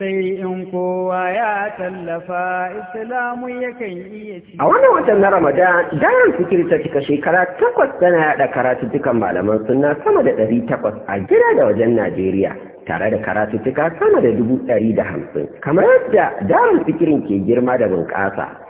sai in kowa ya tallafa islamu yakan iya ci. A wannan watan na Ramadan, Daren Fikir ta cika shekara takwas tana yaɗa karatuttukan malaman suna sama da ɗari takwas a gida da wajen Najeriya. tare da karatuttuka sama da dubu ɗari da hamsin kamar yadda darin fikirin ke girma da bunƙasa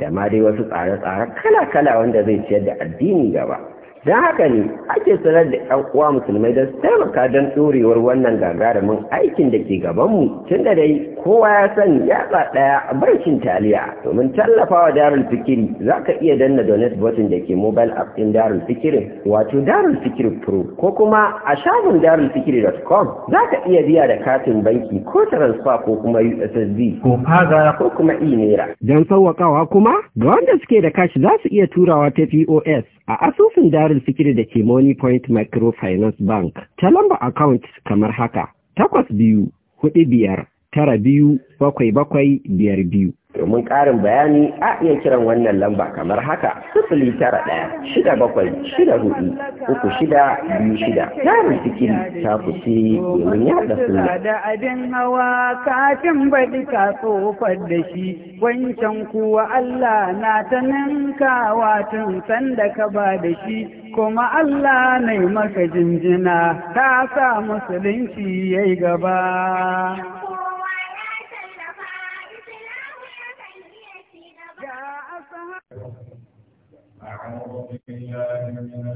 da ma dai wasu tsare-tsare kala-kala wanda zai ciyar da addini gaba don haka ne ake sanar da yan uwa musulmai don su taimaka don ɗorewar wannan gagarumin aikin da ke gabanmu tun da dai kowa ya san yatsa ɗaya a barcin taliya domin tallafa wa darul fikiri za ka iya danna donate button da ke mobile app ɗin darul fikirin wato darul fikiri pro ko kuma a shagon fikiri.com za ka iya biya da katin banki ko transfer ko kuma ussd ko faga ko kuma e-naira don sauwaƙawa kuma ga wanda suke da kashi za su iya turawa ta pos a asusun darul Darul sikiri da ke Money Point Microfinance Bank ta lamba account kamar haka takwas biyu hudu biyar tara biyu bakwai bakwai biyar biyu. domin ƙarin bayani a iya kiran wannan lamba kamar haka sifili tara ɗaya shida bakwai shida hudu uku shida biyu shida yaron sikiri ta fusi domin ya da suna. da abin hawa kafin baɗi ka tsofar da shi wancan kuwa Allah na ta ninkawa tun sanda ka ba da shi kuma Allah na maka jinjina ta sa musulunci ya yi gaba.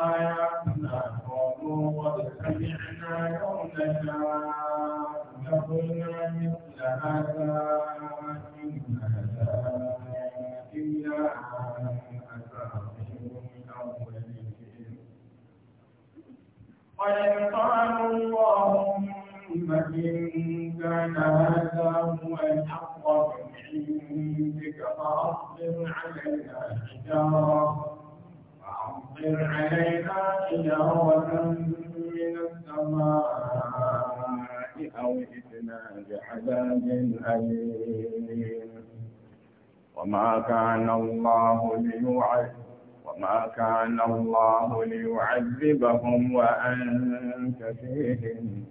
آياتنا قالوا قد سمعنا لو نشاء لقلنا مثل هذا إن هذا إلا ويسأل اللهم إن كان هذا هو الحق من عندك فأصبر علينا حجارة علينا من السماء أو أليم وما كان الله وما كان الله ليعذبهم وأنت فيهم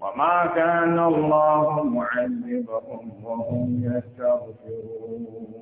وما كان الله معذبهم وهم يستغفرون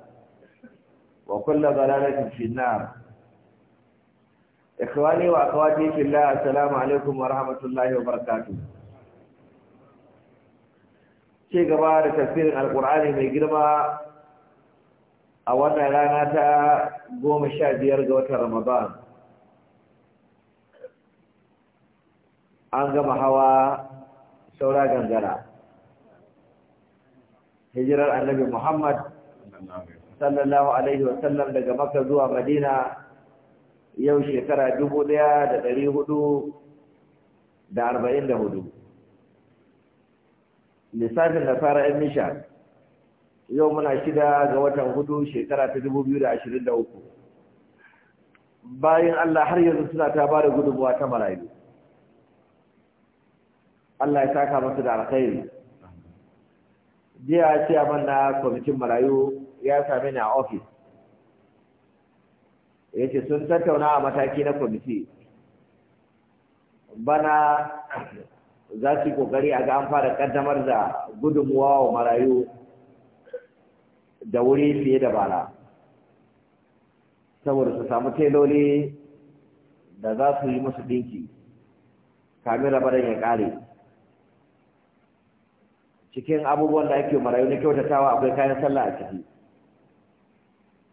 Wa kulle bala da tuffinna. Da kawai ne wa a kawaci Fila asalama wa rahmatullahi wa barkato. Ke gaba da tafsirin Alƙur'ani mai girma a wannan rana ta goma sha biyar ga watan Ramadan. An gama hawa Sa'udu a gangara. Hijrar annabi Muhammad. sallallahu alaihi wasallam daga maka zuwa madina yau shekara dubu ɗaya da ɗari hudu da arba'in da hudu lissafin nasara yan misha yau muna shida ga watan hudu shekara ta dubu biyu da ashirin da uku bayan allah har yanzu suna ta ba da gudunmuwa ta marayu allah ya saka masu da alkhairi jiya ce a manna kwamitin marayu ya same ni a ofis ya ce sun tattauna a mataki na kwamiti bana za su yi kokari a ga an fara kaddamar da gudunmuwa wa marayu da wuri fiye da bara saboda su samu teloli da za su yi musu dinki kamin rabarin ya kare cikin abubuwan da ake marayu na kyautatawa akwai kayan sallah a ciki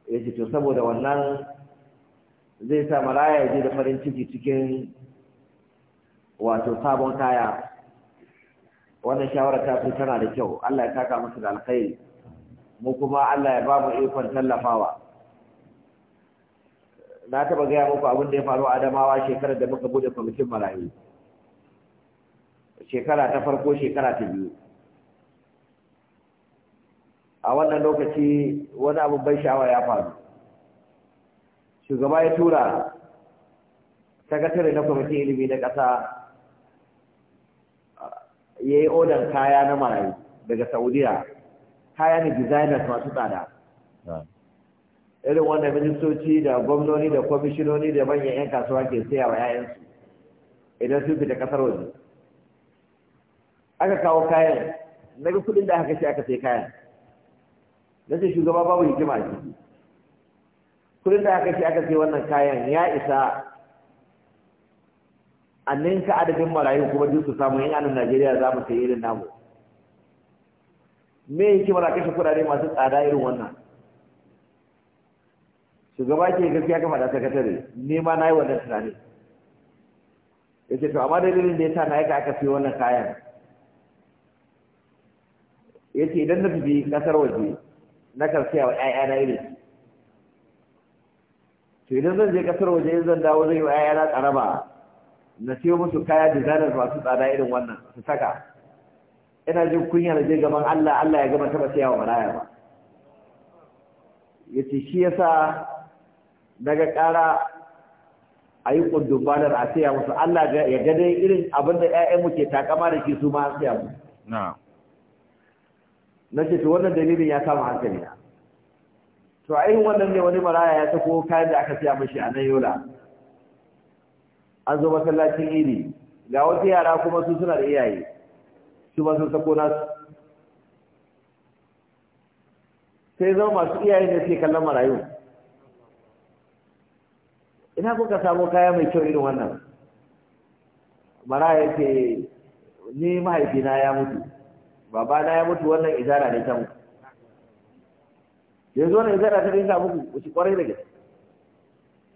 ya ce to saboda wannan zai sa maraya ya da farin ciki cikin wato sabon kaya wannan shawara ta fi tana da kyau Allah ya taka musu da alkhairi mu kuma Allah ya ba mu ikon tallafawa na taba gaya muku abin da ya faru Adamawa shekarar da muka bude kwamitin marayu shekara ta farko shekara ta biyu a wannan lokaci wani abin bai sha'awa ya faru shugaba ya tura sakatare na kwamitin ilimi na ƙasa ya yi odan kaya na marayu daga saudiya kaya na designers masu tsada irin wanda ministoci da gwamnoni da kwamishinoni da manyan 'yan kasuwa ke siya wa 'ya'yansu idan sun fita kasar waje aka kawo kayan na kudin da aka kashe aka sai kayan na ce shugaba babu hikima a ciki kudin da aka ce aka ce wannan kayan ya isa a ninka adadin marayu kuma duk su samu yin anan najeriya za mu sayi irin namu me hikimar a kashe kudade masu tsada irin wannan shugaba ke gaskiya kama da sakatare nema na yi wannan tunanin ya ce to amma dalilin da ya sa na ka aka fi wannan kayan ya ce idan na fi kasar waje na kan siya wa na iri. to idan zan je kasar waje in zan dawo zai yi wa na tsaraba na siyo musu kaya designers masu tsada irin wannan su saka ina jin kunya na je gaban Allah Allah ya gama taba siya wa maraya ba yace shi yasa daga ƙara a yi ƙundumbanar a siya musu Allah ya ga irin abinda 'ya'yan mu ke takama da shi su ma siya musu na ce to wannan dalilin ya kama hankali na to a irin wannan ne wani maraya ya sako kayan da aka siya mashi a nan yola an zo masallacin iri ga wasu yara kuma su suna da iyaye su ba su sako nasu sai zama masu iyaye da suke kallon marayu ina kuka samo kaya mai kyau irin wannan maraya ce ni mahaifina ya mutu Baba na ya mutu wannan izara ne ta muku yanzu wannan izara ta nisa muku ku ci kwarai da gaske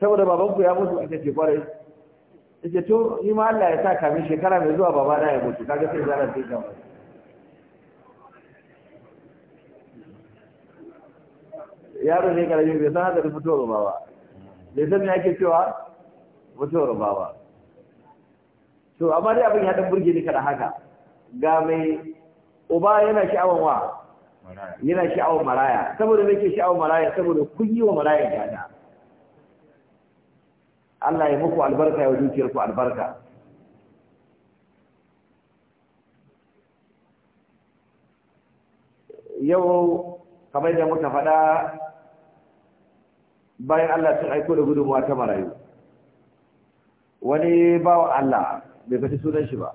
saboda babanku ya mutu ita ce kwarai ita to ni ma Allah ya sa kamin shekara mai zuwa Baba na ya mutu kaga sai izara ta nisa muku yaro ne karami bai san hadarin mutuwar ruba ba bai san me ake cewa mutuwar ruba ba to amma dai abin ya dan burge ni kada haka ga mai uba yana sha'awan wa yana sha'awan maraya saboda nake sha'awar maraya saboda kun yi wa maraya gada Allah ya muku albarka ya dukiyar ku albarka yau kamar da muka faɗa bayan Allah sun aiko da gudunmuwa ta marayu wani bawa Allah bai faɗi sunan shi ba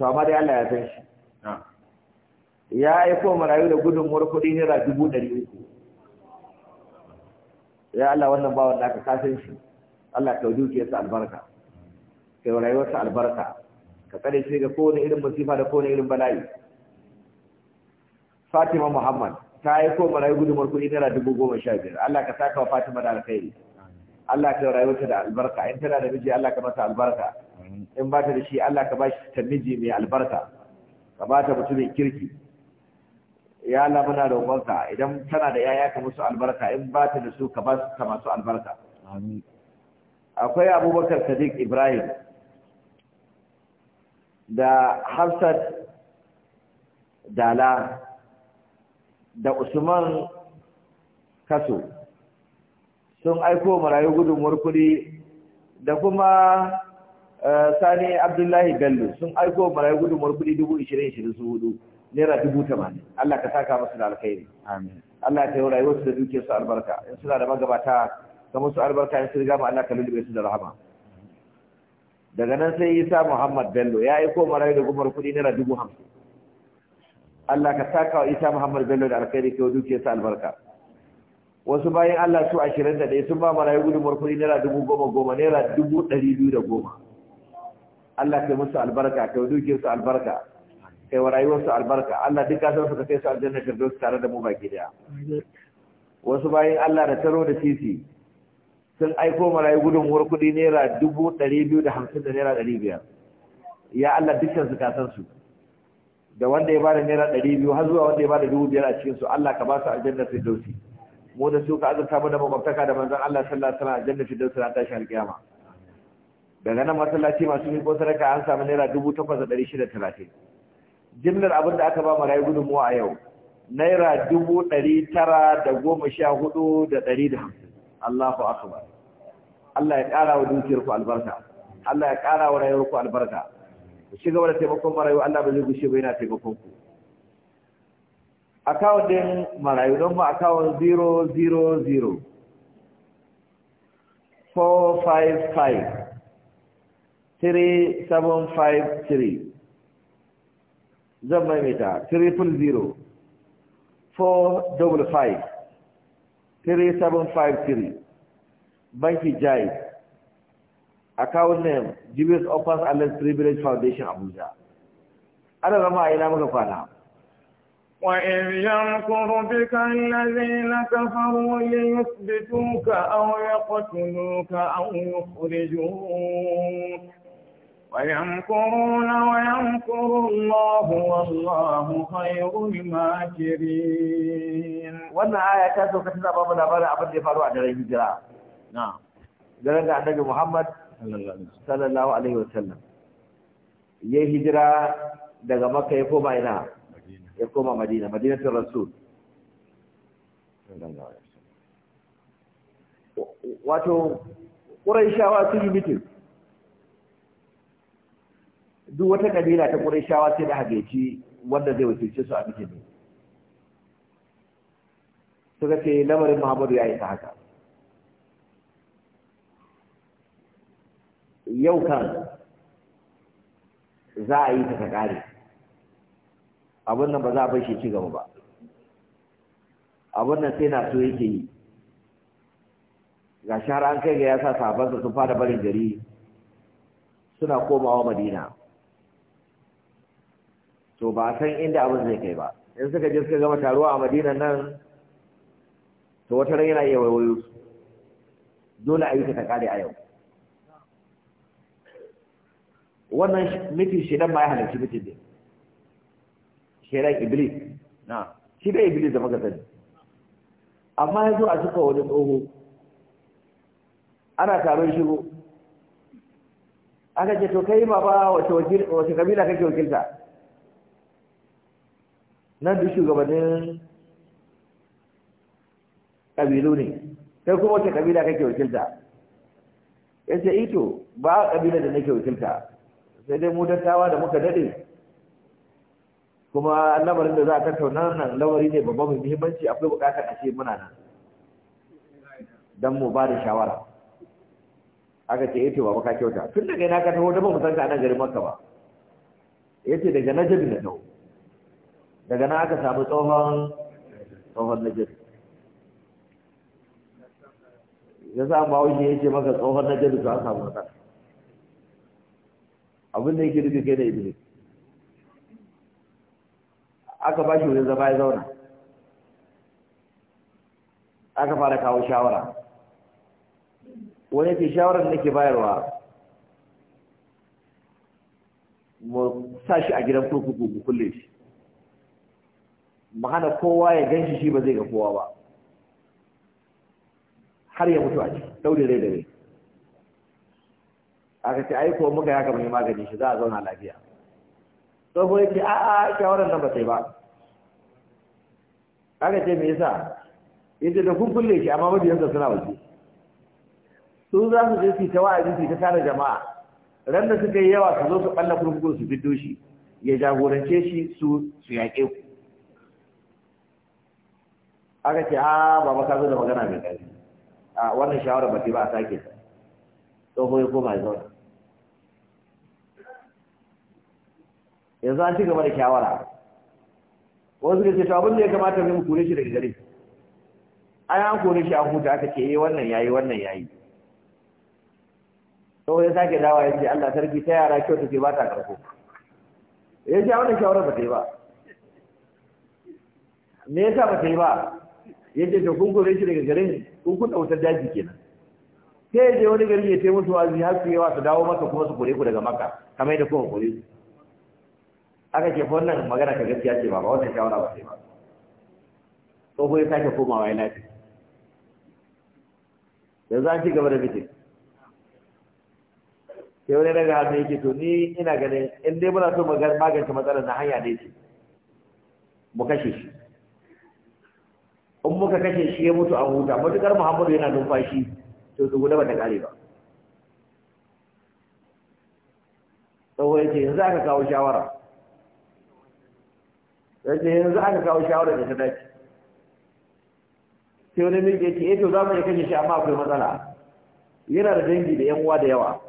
to amma dai Allah ya san shi ya aiko marayu da gudun kuɗi naira dubu ɗari uku ya Allah wannan bawan da ka san shi Allah ka sa albarka kai rayuwarsa albarka ka tsare shi ga kowane irin musifa da kowane irin bala'i Fatima Muhammad ta yi ko marayu gudun kuɗi naira dubu goma sha biyar Allah ka saka wa Fatima da alkhairi Allah ka ta da albarka in tana da miji Allah ka masa albarka in ba ta da shi Allah ka ba shi ta miji mai albarka ka ba ta mutumin kirki ya Allah muna roƙonka idan tana da yaya ka musu albarka in ba ta da su ka ba su ta masu albarka akwai abubakar sadiq ibrahim da hafsat dala da usman kaso sun aiko marayu gudun murkuri da kuma Eh, sani abdullahi bello sun aiko marayu gudunmuwar kudi dubu ishirin ishirin su hudu naira dubu tamanin allah ka saka masu da alkhairi allah ta yi rayuwar su da dukiyar su albarka in suna da magabata ga musu albarka in sun gama allah ka lullube su da rahama daga nan sai isa muhammad bello ya aiko marayu da gumar kudi naira dubu hamsin allah ka saka wa isa muhammad bello da alkhairi ka dukiyar su albarka wasu bayan allah su ashirin da ɗaya sun ba marayu gudunmuwar kudi naira dubu goma goma naira dubu ɗari biyu da goma Allah ke musu albarka ke dukiyar su albarka ke wa rayuwar su albarka Allah duka san su ka kai su aljanna firdaus tare da mu baki daya wasu bayan Allah da taro da titi sun aiko marayu gudunmuwar kuɗi naira dubu ɗari biyu da hamsin da naira ɗari biyar ya Allah dukkan su kasan su da wanda ya bada naira ɗari biyu har zuwa wanda ya bada dubu biyar a cikin su Allah ka ba su aljanna firdausi mu da su ka azurta mu da makwabtaka da manzon Allah sallallahu alaihi wasallam aljanna firdausi ta tashi alƙiyama daga nan masallaci masu ko sadaka an samu naira dubu takwas da ɗari shida talatin jimlar abin da aka ba marayu gudunmuwa a yau naira dubu ɗari tara da goma sha hudu da ɗari da hamsin allahu akbar allah ya ƙara wa dukiyar ku albarka allah ya ƙara wa rayuwar ku albarka ku ci gaba da taimakon marayu allah ba zai gushe ba yana taimakon ku akawun din marayu don ma akawun five five. 3753 zan maimaita 300 455 3753 banki jai account name jibis offers alliance privilege foundation abuja ana zama a ina muka kwana وإذ يمكر بك الذين كفروا ليثبتوك أو يقتلوك أو يخرجوك ويمكرون ويمكر الله والله خير الماكرين wannan aya ta sauka tana babu labarin abin da ya faru a daren hijira na daren Muhammad sallallahu alaihi wasallam ya hijira daga Makka ya koma ina ya koma Madina Madinatul Rasul wato Qurayshawa sun yi mitin duk wata kabila ta ƙurayshawa sai da hageci wanda zai wakilce su a cikin ne suka ce lamarin muhammadu ya yi ta haka yau kan za a yi ta ta kare abin nan ba za a bar shi ci gaba ba abin nan sai na so yake yi ga har an kai ga ya sa sahabansa sun fara barin gari suna komawa madina to ba san inda abin zai kai ba in suka je suka gama taruwa a madinan nan to wata ran yana iya waiwayo su dole a yi ta kare a yau wannan mitin shedan ma ya halarci mitin ne shedan iblis na shi da iblis da muka amma ya zo a suka wani tsoho ana taron shigo aka ce to kai ma ba wace kabila kake wakilta nan da shugabannin ƙabilu ne sai kuma wace ƙabila kake wakilta ya ce ito eh ba a ƙabila da nake wakilta sai dai mu dattawa da muka daɗe kuma lamarin da za a tattauna nan lamari ne babban muhimmanci akwai buƙatar a ce muna nan don mu ba da shawara aka ce ito eh ba ka kyauta tun daga yana ka taho da ba mu san ka nan garin maka ba ya ce daga najabi na taho daga na aka samu tsohon tsohon najis ya sa bawon ya ce maka tsohon najis za a samu matsala abin da yake duka kai da iblis aka ba shi wurin zama ya zauna aka fara kawo shawara wani ke shawarar da ke bayarwa mu sa shi a gidan kurkuku mu kulle shi magana kowa ya ganshi shi ba zai ga kowa ba har ya mutu a ce, daure rai da rai aka ce aiko muka ya kamar magani shi za a zauna lafiya tsoho ya ce a'a shawarar nan ba sai ba aka ce me yasa yadda da kun kulle shi amma mabiyansa suna waje su za su je su ta wa'azi su ta tare jama'a ran da suka yi yawa su zo su balla kurkukun su fiddo shi ya jagorance shi su su yaƙe ku aka ce a ah, baba ka zo da magana mai ƙarfi a wannan shawara ba ta ba a sake ta tsoho ya koma ya zauna yanzu an ci gaba da shawara wasu suka ce to abin da ya kamata mu kore shi daga gare ai an kore shi an huta aka ce eh wannan yayi wannan yayi to ya sake dawa ya ce Allah sarki ta yara kyau take ba ta karko ya ce wannan shawara ba ta yi ba me yasa ba ta yi ba yace to kun kore shi daga garin kun kun wutar daji kenan sai ya je wani gari ya taimaka musu wazi har su yawa su dawo maka kuma su kore ku daga maka kamar yadda kuma kore su aka ce wannan magana ka gaskiya ce ba ba wannan shawara ba ce ba tsoho ya sake komawa ya lafi. yanzu an ci gaba da bikin sai wani daga hannu yake to ni ina ganin in dai muna so magance matsalar na hanya ne ce mu kashe shi in muka kashe shi ya mutu a huta matukar muhammadu yana numfashi to su guda bata kare ba tsawo ya ce yanzu aka kawo shawara ya ce yanzu aka kawo shawara da ta dace sai wani milki ya ce eh, to za mu iya kashe shi amma akwai matsala yana da dangi da yan uwa da yawa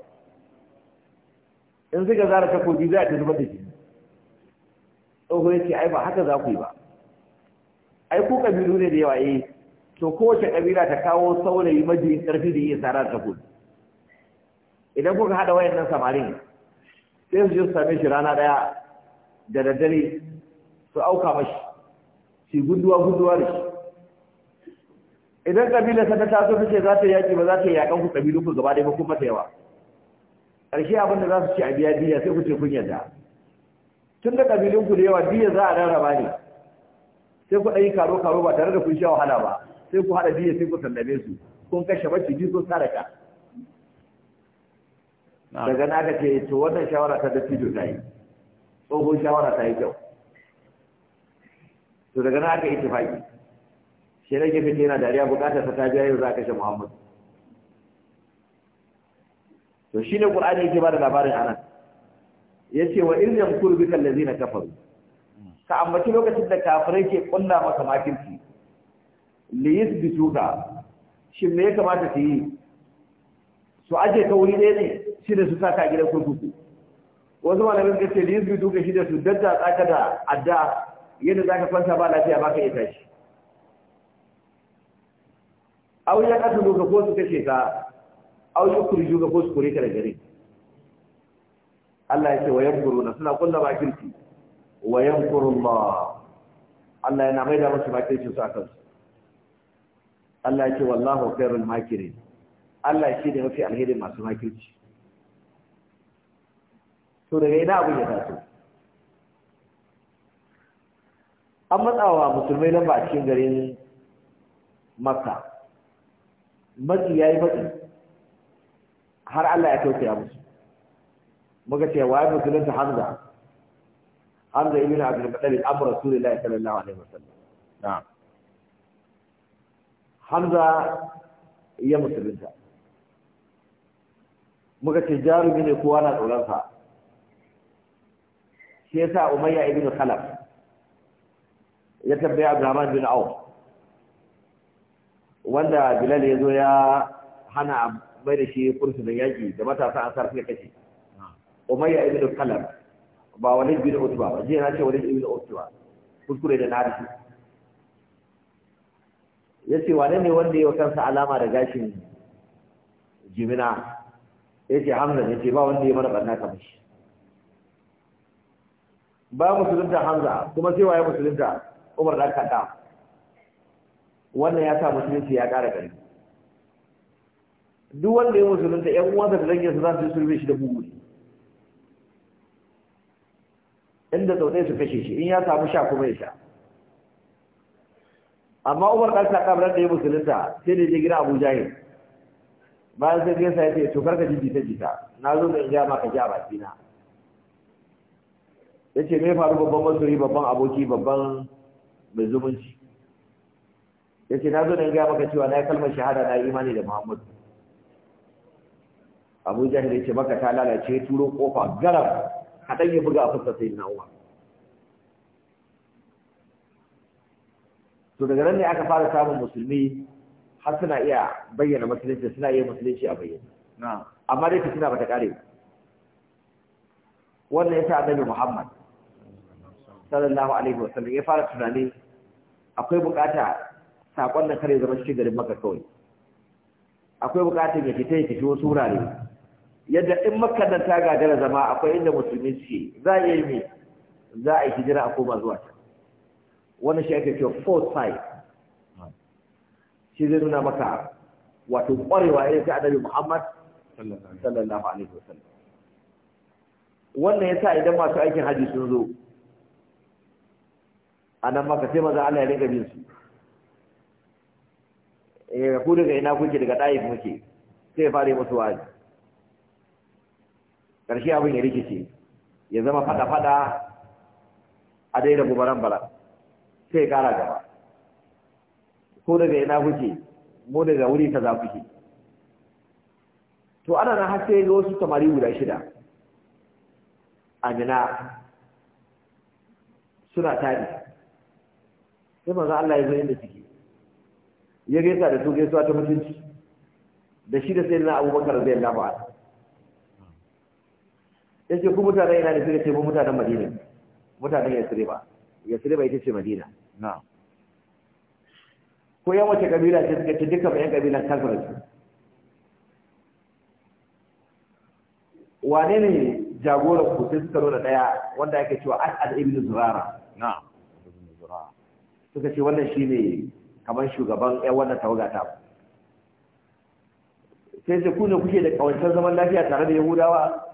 in suka zara takobi za a ta zubar da shi tsoho ya ce ai ba haka za ku yi ba ai ku kabilu ne da yawa eh to kowace kabila ta kawo saurayi majiyin karfi da yi tsara ta kudu idan kuka hada wayannan samarin sai su je su same shi rana daya da daddare su auka mashi su gunduwa gunduwa da shi idan kabila ta so take za ta yaki ba za ta yakan ku kabilu ku gaba da ba kuma ta yawa ƙarshe abin da za su ci a biya diya sai ku ce kun yarda tun da kabilun ku da yawa diya za a rarraba ne sai ku ɗan yi karo karo ba tare da kun sha wahala ba sai ku haɗa biya sai ku sallame su kun kashe maciji sun sadaka ka daga na ga ce to wannan shawara ta dattijo ta yi tsohon shawara ta yi kyau to daga na aka yi tufaki shi na gefe yana dariya bukatar ta biya yau za a kashe muhammadu to shi ne ƙur'ani yake ba da labarin anan ya ce wa in yamkur bika allazina kafaru ka ambaci lokacin da kafirai ke kulla maka makirci li yasbituka shi me ya kamata su yi su aje ka wuri ɗaya ne shi da su sa ka gidan kurkuku wasu malamin ka ce li yasbituka shi da su dadda tsaka da adda yadda zaka kwanta ba lafiya ba ka iya tashi aw ya katulu ka ko su kace ka ya kuri ka ko su kore ta da gare Allah ya ce wa yamkuruna suna kulla makirci wa ba, Allah yana mai su musu bakin su a kansu Allah ya ce wallahu khairul makirin Allah shi ne mafi alheri masu makirci to daga ina abin ya taso an matsawa musulmai lamba a cikin garin makka matsi ya yi matsi har Allah ya tausaya musu muka ce wa ya musulunta hamza hamza ibn abdul muttalib abu rasulullahi sallallahu alaihi wasallam na'am hamza ya musulunta muka ce jarumi ne kowa na tsoronsa shi ya sa umayya ibn khalaf ya tambaya abdurrahman bin auf wanda bilal ya zo ya hana mai da shi kursu da yaƙi da matasa an sarfi kashe umayya ibn khalaf ba wani bin utba ba jiya na ce wani bin utba kuskure da na ya ce wane ne wanda ya wa kansa alama da gashin jimina ya ce hamza ya ce ba wanda ya mana barna kamar shi ba musulunta hamza kuma sai waye musulunta umar dan kada wannan ya sa musulunci ya ƙara gari duk wanda ya musulunta ƴan uwansa da su za su yi sulbe shi da bugu inda zaune su kashe shi in ya samu sha kuma ya sha amma umar ɗan saƙa ran da ya musulunta sai da ya gina abu jahil bayan sai ya sa ya ce tukar ka jita jita na zo da in ja maka ja baki na ya ce me faru babban masoyi babban aboki babban mai zumunci ya ce na zo da in ja maka cewa na yi kalmar shahada na yi imani da muhammadu abu jahil ya ce maka ta lalace turo kofa garab kadan ya buga a fuska sai na uwa to daga nan ne aka fara samun musulmi har suna iya bayyana musulunci suna iya musulunci a bayyana amma dai fitina bata kare wannan ya sa annabi Muhammad sallallahu alaihi wasallam ya fara tunani akwai bukata sakon da kare zama cikin garin Makka kawai akwai bukatun ya fita ya tafi wasu wurare yadda in makannan ta gagara zama akwai inda musulmi suke za a yi za a yi hijira a koma zuwa ta wani shi ake cewa four side shi zai nuna maka wato kwarewa ya ta annabi muhammad sallallahu alaihi wasallam wannan yasa idan masu aikin haji sun zo a nan maka sai maza Allah ya rinka bin su ya eh, ku daga ina kuke daga ɗayin muke sai ya yi musu wa'azi karshe abin ya rikice ya zama fada-fada a daina gubaran bara sai ƙara gaba ko daga ina kuke mu daga wuri za kuke to ana na har sai ga wasu samari guda shida amina suna tari sai maza Allah ya zo inda suke ya gaisa da su gaisuwa ta mutunci da shi da sai na Abubakar zai anhu ce ku mutanen ina da suka ce mu mutanen Madina mutanen Yasriba Yasriba ita ce Madina na ko yan wace kabila ce suka ce duka bayan kabila kafir ce wane ne jagoran ku sai suka nuna daya wanda ake cewa As'ad ibn Zurara na'am suka ce wannan shine kamar shugaban ƴan wannan tawaga ta sai sai ku ne kuke da kawancin zaman lafiya tare da Yahudawa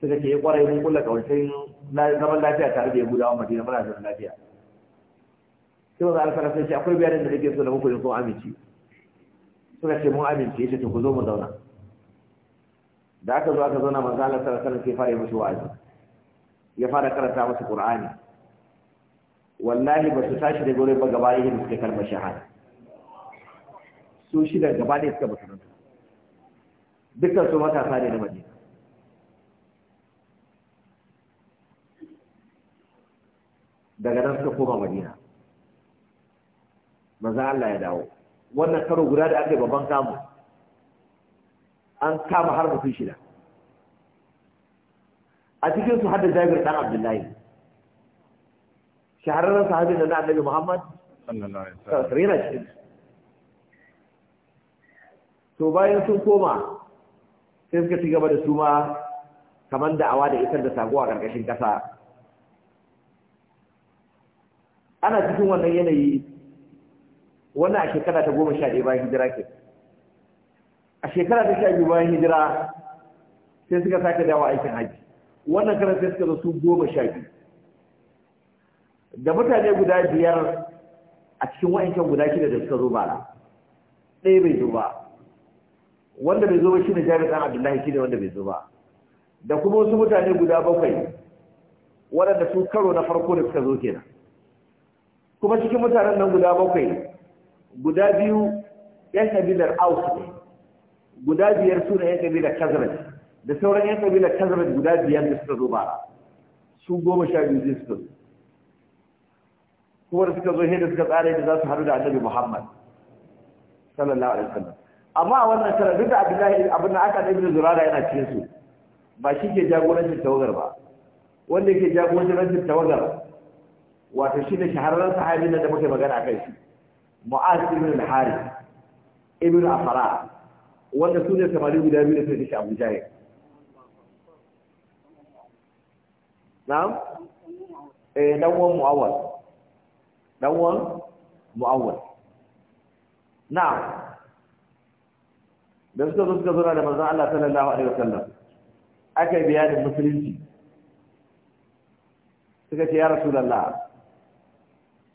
suka ce ya kwarai mun kulla kawancin zaman lafiya tare da yahudawa madina muna zaman lafiya sai wanzu alfara sai ce akwai bayanin da nake so da muku sun amince suka ce mun amince ya ce to ku zo mu zauna da aka zo aka zauna manzo Allah sallallahu alaihi wasallam fara musu wa'azi ya fara karanta masa Qur'ani wallahi ba su tashi da gore ba gaba yin suka kalmar shahada su da gaba ne suka nan. dukkan su matasa ne na Madina daga nan suka koma madina manzan Allah ya dawo wannan karo guda da aka yi babban kamu an kama har mutum shida a cikin su har da jabir dan abdullahi shahararren sahabi da na annabi muhammad sallallahu alaihi wasallam to bayan sun koma sai suka ci gaba da su ma kamar da'awa da isar da sagowa a ƙarƙashin ƙasa ana cikin wannan yanayi wannan a shekara ta goma sha ɗaya bayan hijira ke a shekara ta sha biyu bayan hijira sai suka sake dawo aikin haji wannan karan sai suka zo su goma sha biyu da mutane guda biyar a cikin wa'ancan guda shida da suka zo bara ɗaya bai zo ba wanda bai zo ba shi ne ɗan abdullahi shi ne wanda bai zo ba da kuma wasu mutane guda bakwai waɗanda su karo na farko da suka zo kenan kuma cikin mutanen nan guda bakwai guda biyu yan kabilar aus ne guda biyar su ne yan kabilar kazrat da sauran yan kabilar kazrat guda biyar da suka zo ba su goma sha biyu zai suka zo kuma da suka zo da suka tsara yadda za su haɗu da annabi muhammad sallallahu alaihi wasallam amma a wannan sarar duk da abdullahi abin da aka nabi zurara yana cikin su ba shi ke jagorancin tawagar ba wanda ke jagorancin tawagar wato shi ne shahararren sahabi da muke magana a kai shi mu'az ibn al-harith ibn afara wanda su ne samari guda biyu da suka kashe abu jahil na'am eh dan uwan mu'awwal dan uwan mu'awwal na'am da suka zo suka zauna da manzon Allah sallallahu alaihi wasallam aka yi bayanin musulunci suka ce ya rasulullah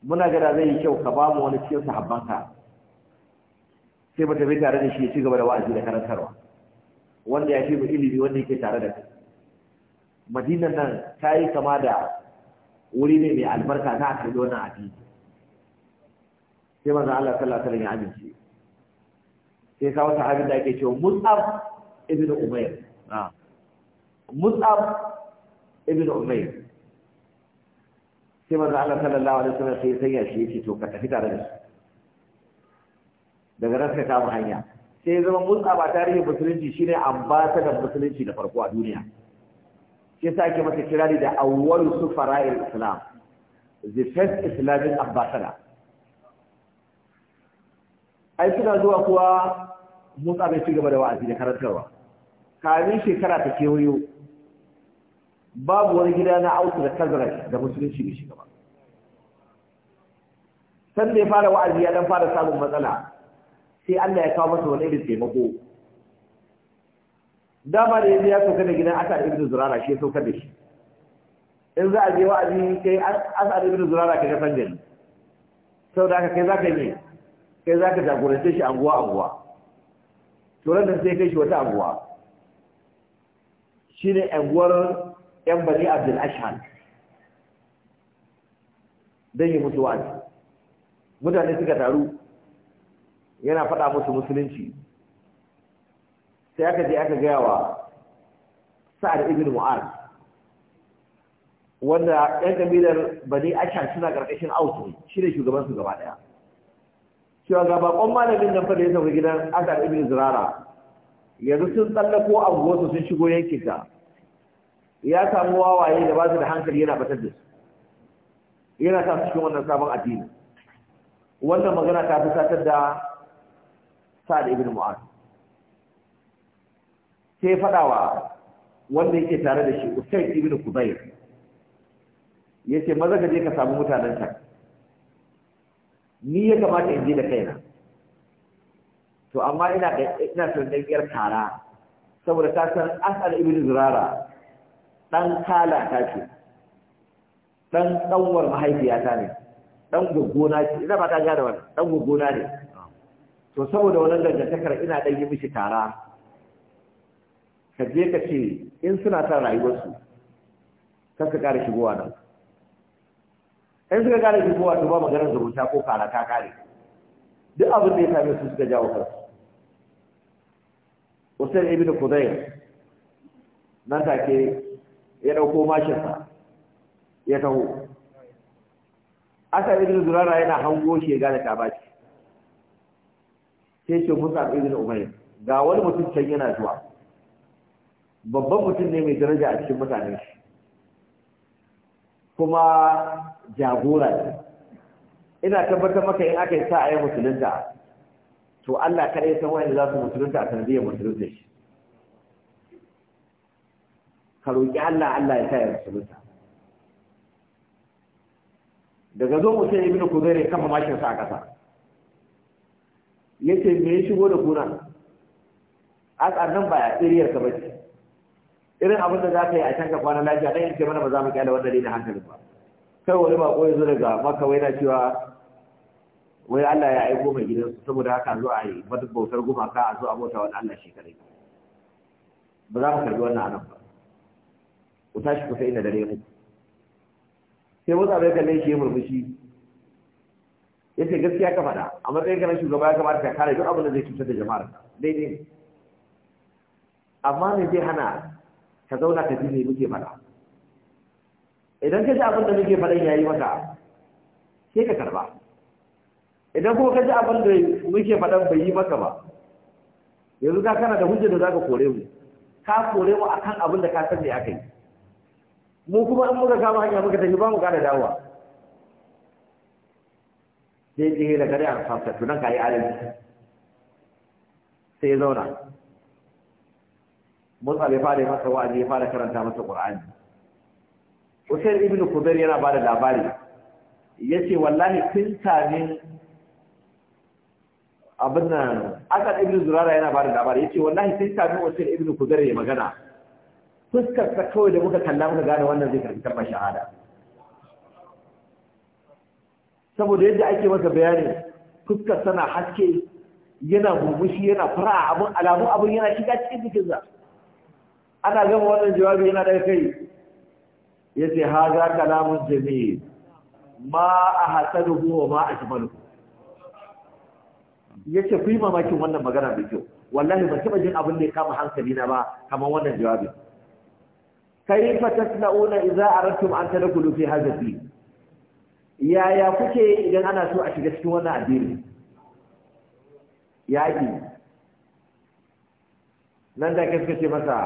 muna gada zai yi kyau ka ba mu wani cikin sahabbanka sai mutum tafi tare da shi ya ci gaba da wa'azi da karantarwa wanda ya fi mu ilimi wanda yake tare da kai madinan nan ta yi kama da wuri ne mai albarka za a karbi wannan addini sai manzo Allah sallallahu alaihi wasallam ya amince sai kawo abin da ake cewa Mus'ab ibn Umayr Mus'ab ibn Umayr sai manzo Allah sallallahu alaihi wasallam sai sai ya shi yake to ka tafi tare da su daga nan sai kama hanya sai zama Musa ba tarihin musulunci shine da musulunci da farko a duniya sai ke masa kirari da awwalu sufara'il islam the first islamic ambassador ai suna zuwa kuwa Musa bai ci gaba da wa'azi da karantarwa kamin shekara ta kewayo babu wani gida na auki da kazara da musulunci bai shiga ba san da ya fara wa'azi ya dan fara samun matsala sai Allah ya kawo masa wani irin taimako dama da yanzu ya sauka da gidan asar ibn Zurara shi ya sauka da shi in za a je wa'azi kai asar ibn Zurara ka ga sanjani saboda haka kai ka yi kai za ka jagorance shi anguwa anguwa to ran da sai kai shi wata anguwa shine anguwar ‘yan bani abdul Ashan don yi musu wa'azi mutane suka taru yana faɗa musu musulunci sai aka je aka gaya wa sa'ad ibn mu’ar wanda ‘yan kabilar bani ashhan suna ƙarƙashin auto shi ne shugabansu gaba ɗaya cewa ga bakon malamin nan fa da ya tafi gidan asar ibn zirara yanzu sun tsallako anguwarsu sun shigo yankin ya samu wawaye da ba su da hankali yana batar da su yana sa cikin wannan sabon addini wannan magana ta fi satar da sa'ad ibn mu'az sai fadawa wanda yake tare da shi usayd ibn kubayr yace maza ka je ka samu mutanen ta ni ya kamata in je da kaina to amma ina ina son dan yar tara. saboda ta san asal ibn zurara ɗan ta ce ɗan ɗanwar mahaifiyata ne ɗan gugguna ce ina ba ta gane wani ɗan gugguna ne to saboda wannan dangantakar ina ɗan yi mishi tara ka je ka ce in suna son rayuwarsu kar ka ƙara shigowa nan in suka ƙara shigowa to ba maganar zumunta ko kara ta kare duk abin da ya same su suka jawo kansu usain ibn kudayr nan take ya ɗauko mashinsa ya taho aka ibn zurara yana hango shi ya gane kabaci sai ce musa ibn umayr ga wani mutum can yana zuwa babban mutum ne mai daraja a cikin mutane shi kuma jagora ne ina tabbatar maka in aka yi sa a yi musulunta to Allah kaɗai san wani za su musulunta a sanadiyar musulunta shi ka roƙi Allah Allah ya sa ya musulunta daga zo mutum ibn kuzair ya kan mamakin sa a ƙasa Ya ce me ya shigo da kuna asar nan ba iriyar ka bace irin abin da za ka yi a can ka kwana lafiya ɗan yanke mana ba za mu kyale wanda ne hankali ba kai wani ba koyi zo daga maka wai na cewa wai Allah ya aiko mai gidansu saboda haka zo a yi bautar gumaka a zo a bauta wani Allah shi ba za mu karbi wannan anan ba ku tashi ku sai inda dare ku sai wasu abai kalle shi ya murmushi ya ce gaskiya ka faɗa a matsayin ka na shugaba ya kamata ka kare duk abin da zai cutar da jama'ar daidai amma me zai hana ka zauna ka ji me muke faɗa idan ka ji abin da muke faɗan yi maka sai ka karba idan kuma ka ji abin da muke faɗan bai yi maka ba yanzu ka kana da hujjar da za ka kore mu ka kore mu akan abin da ka san me aka yi mu kuma an muka kama hanya muka tafi ba mu kada dawowa sai tsaye da kare an fafta tunan ka yi adalci sai ya zauna mutsa bai fara masa wa'azi ya fara karanta masa qur'ani usair ibn kubair yana bada labari yace wallahi tun tamin abin nan aka ibn zurara yana bada labari yace wallahi tun tamin usair ibn kubair ya magana fuskar ta kawai da muka kalla muka gane wannan zai karbi kalmar shahada saboda yadda ake masa bayani fuskar tana haske yana murmushi yana fara abin alamun abin yana shiga cikin jikinsa ana gama wannan jawabi yana daga kai ya ce ha za kalamun jami'i ma a hasaruhu wa ma a shimaluhu ya ce ku yi mamakin wannan magana mai kyau wallahi ba taɓa jin abin da ya kama hankali na ba kamar wannan jawabin kaifa tasna'una idza aradtum an tadkhulu fi hadha din yaya kuke idan ana so a shiga cikin wannan addini yaki nan da kake ce masa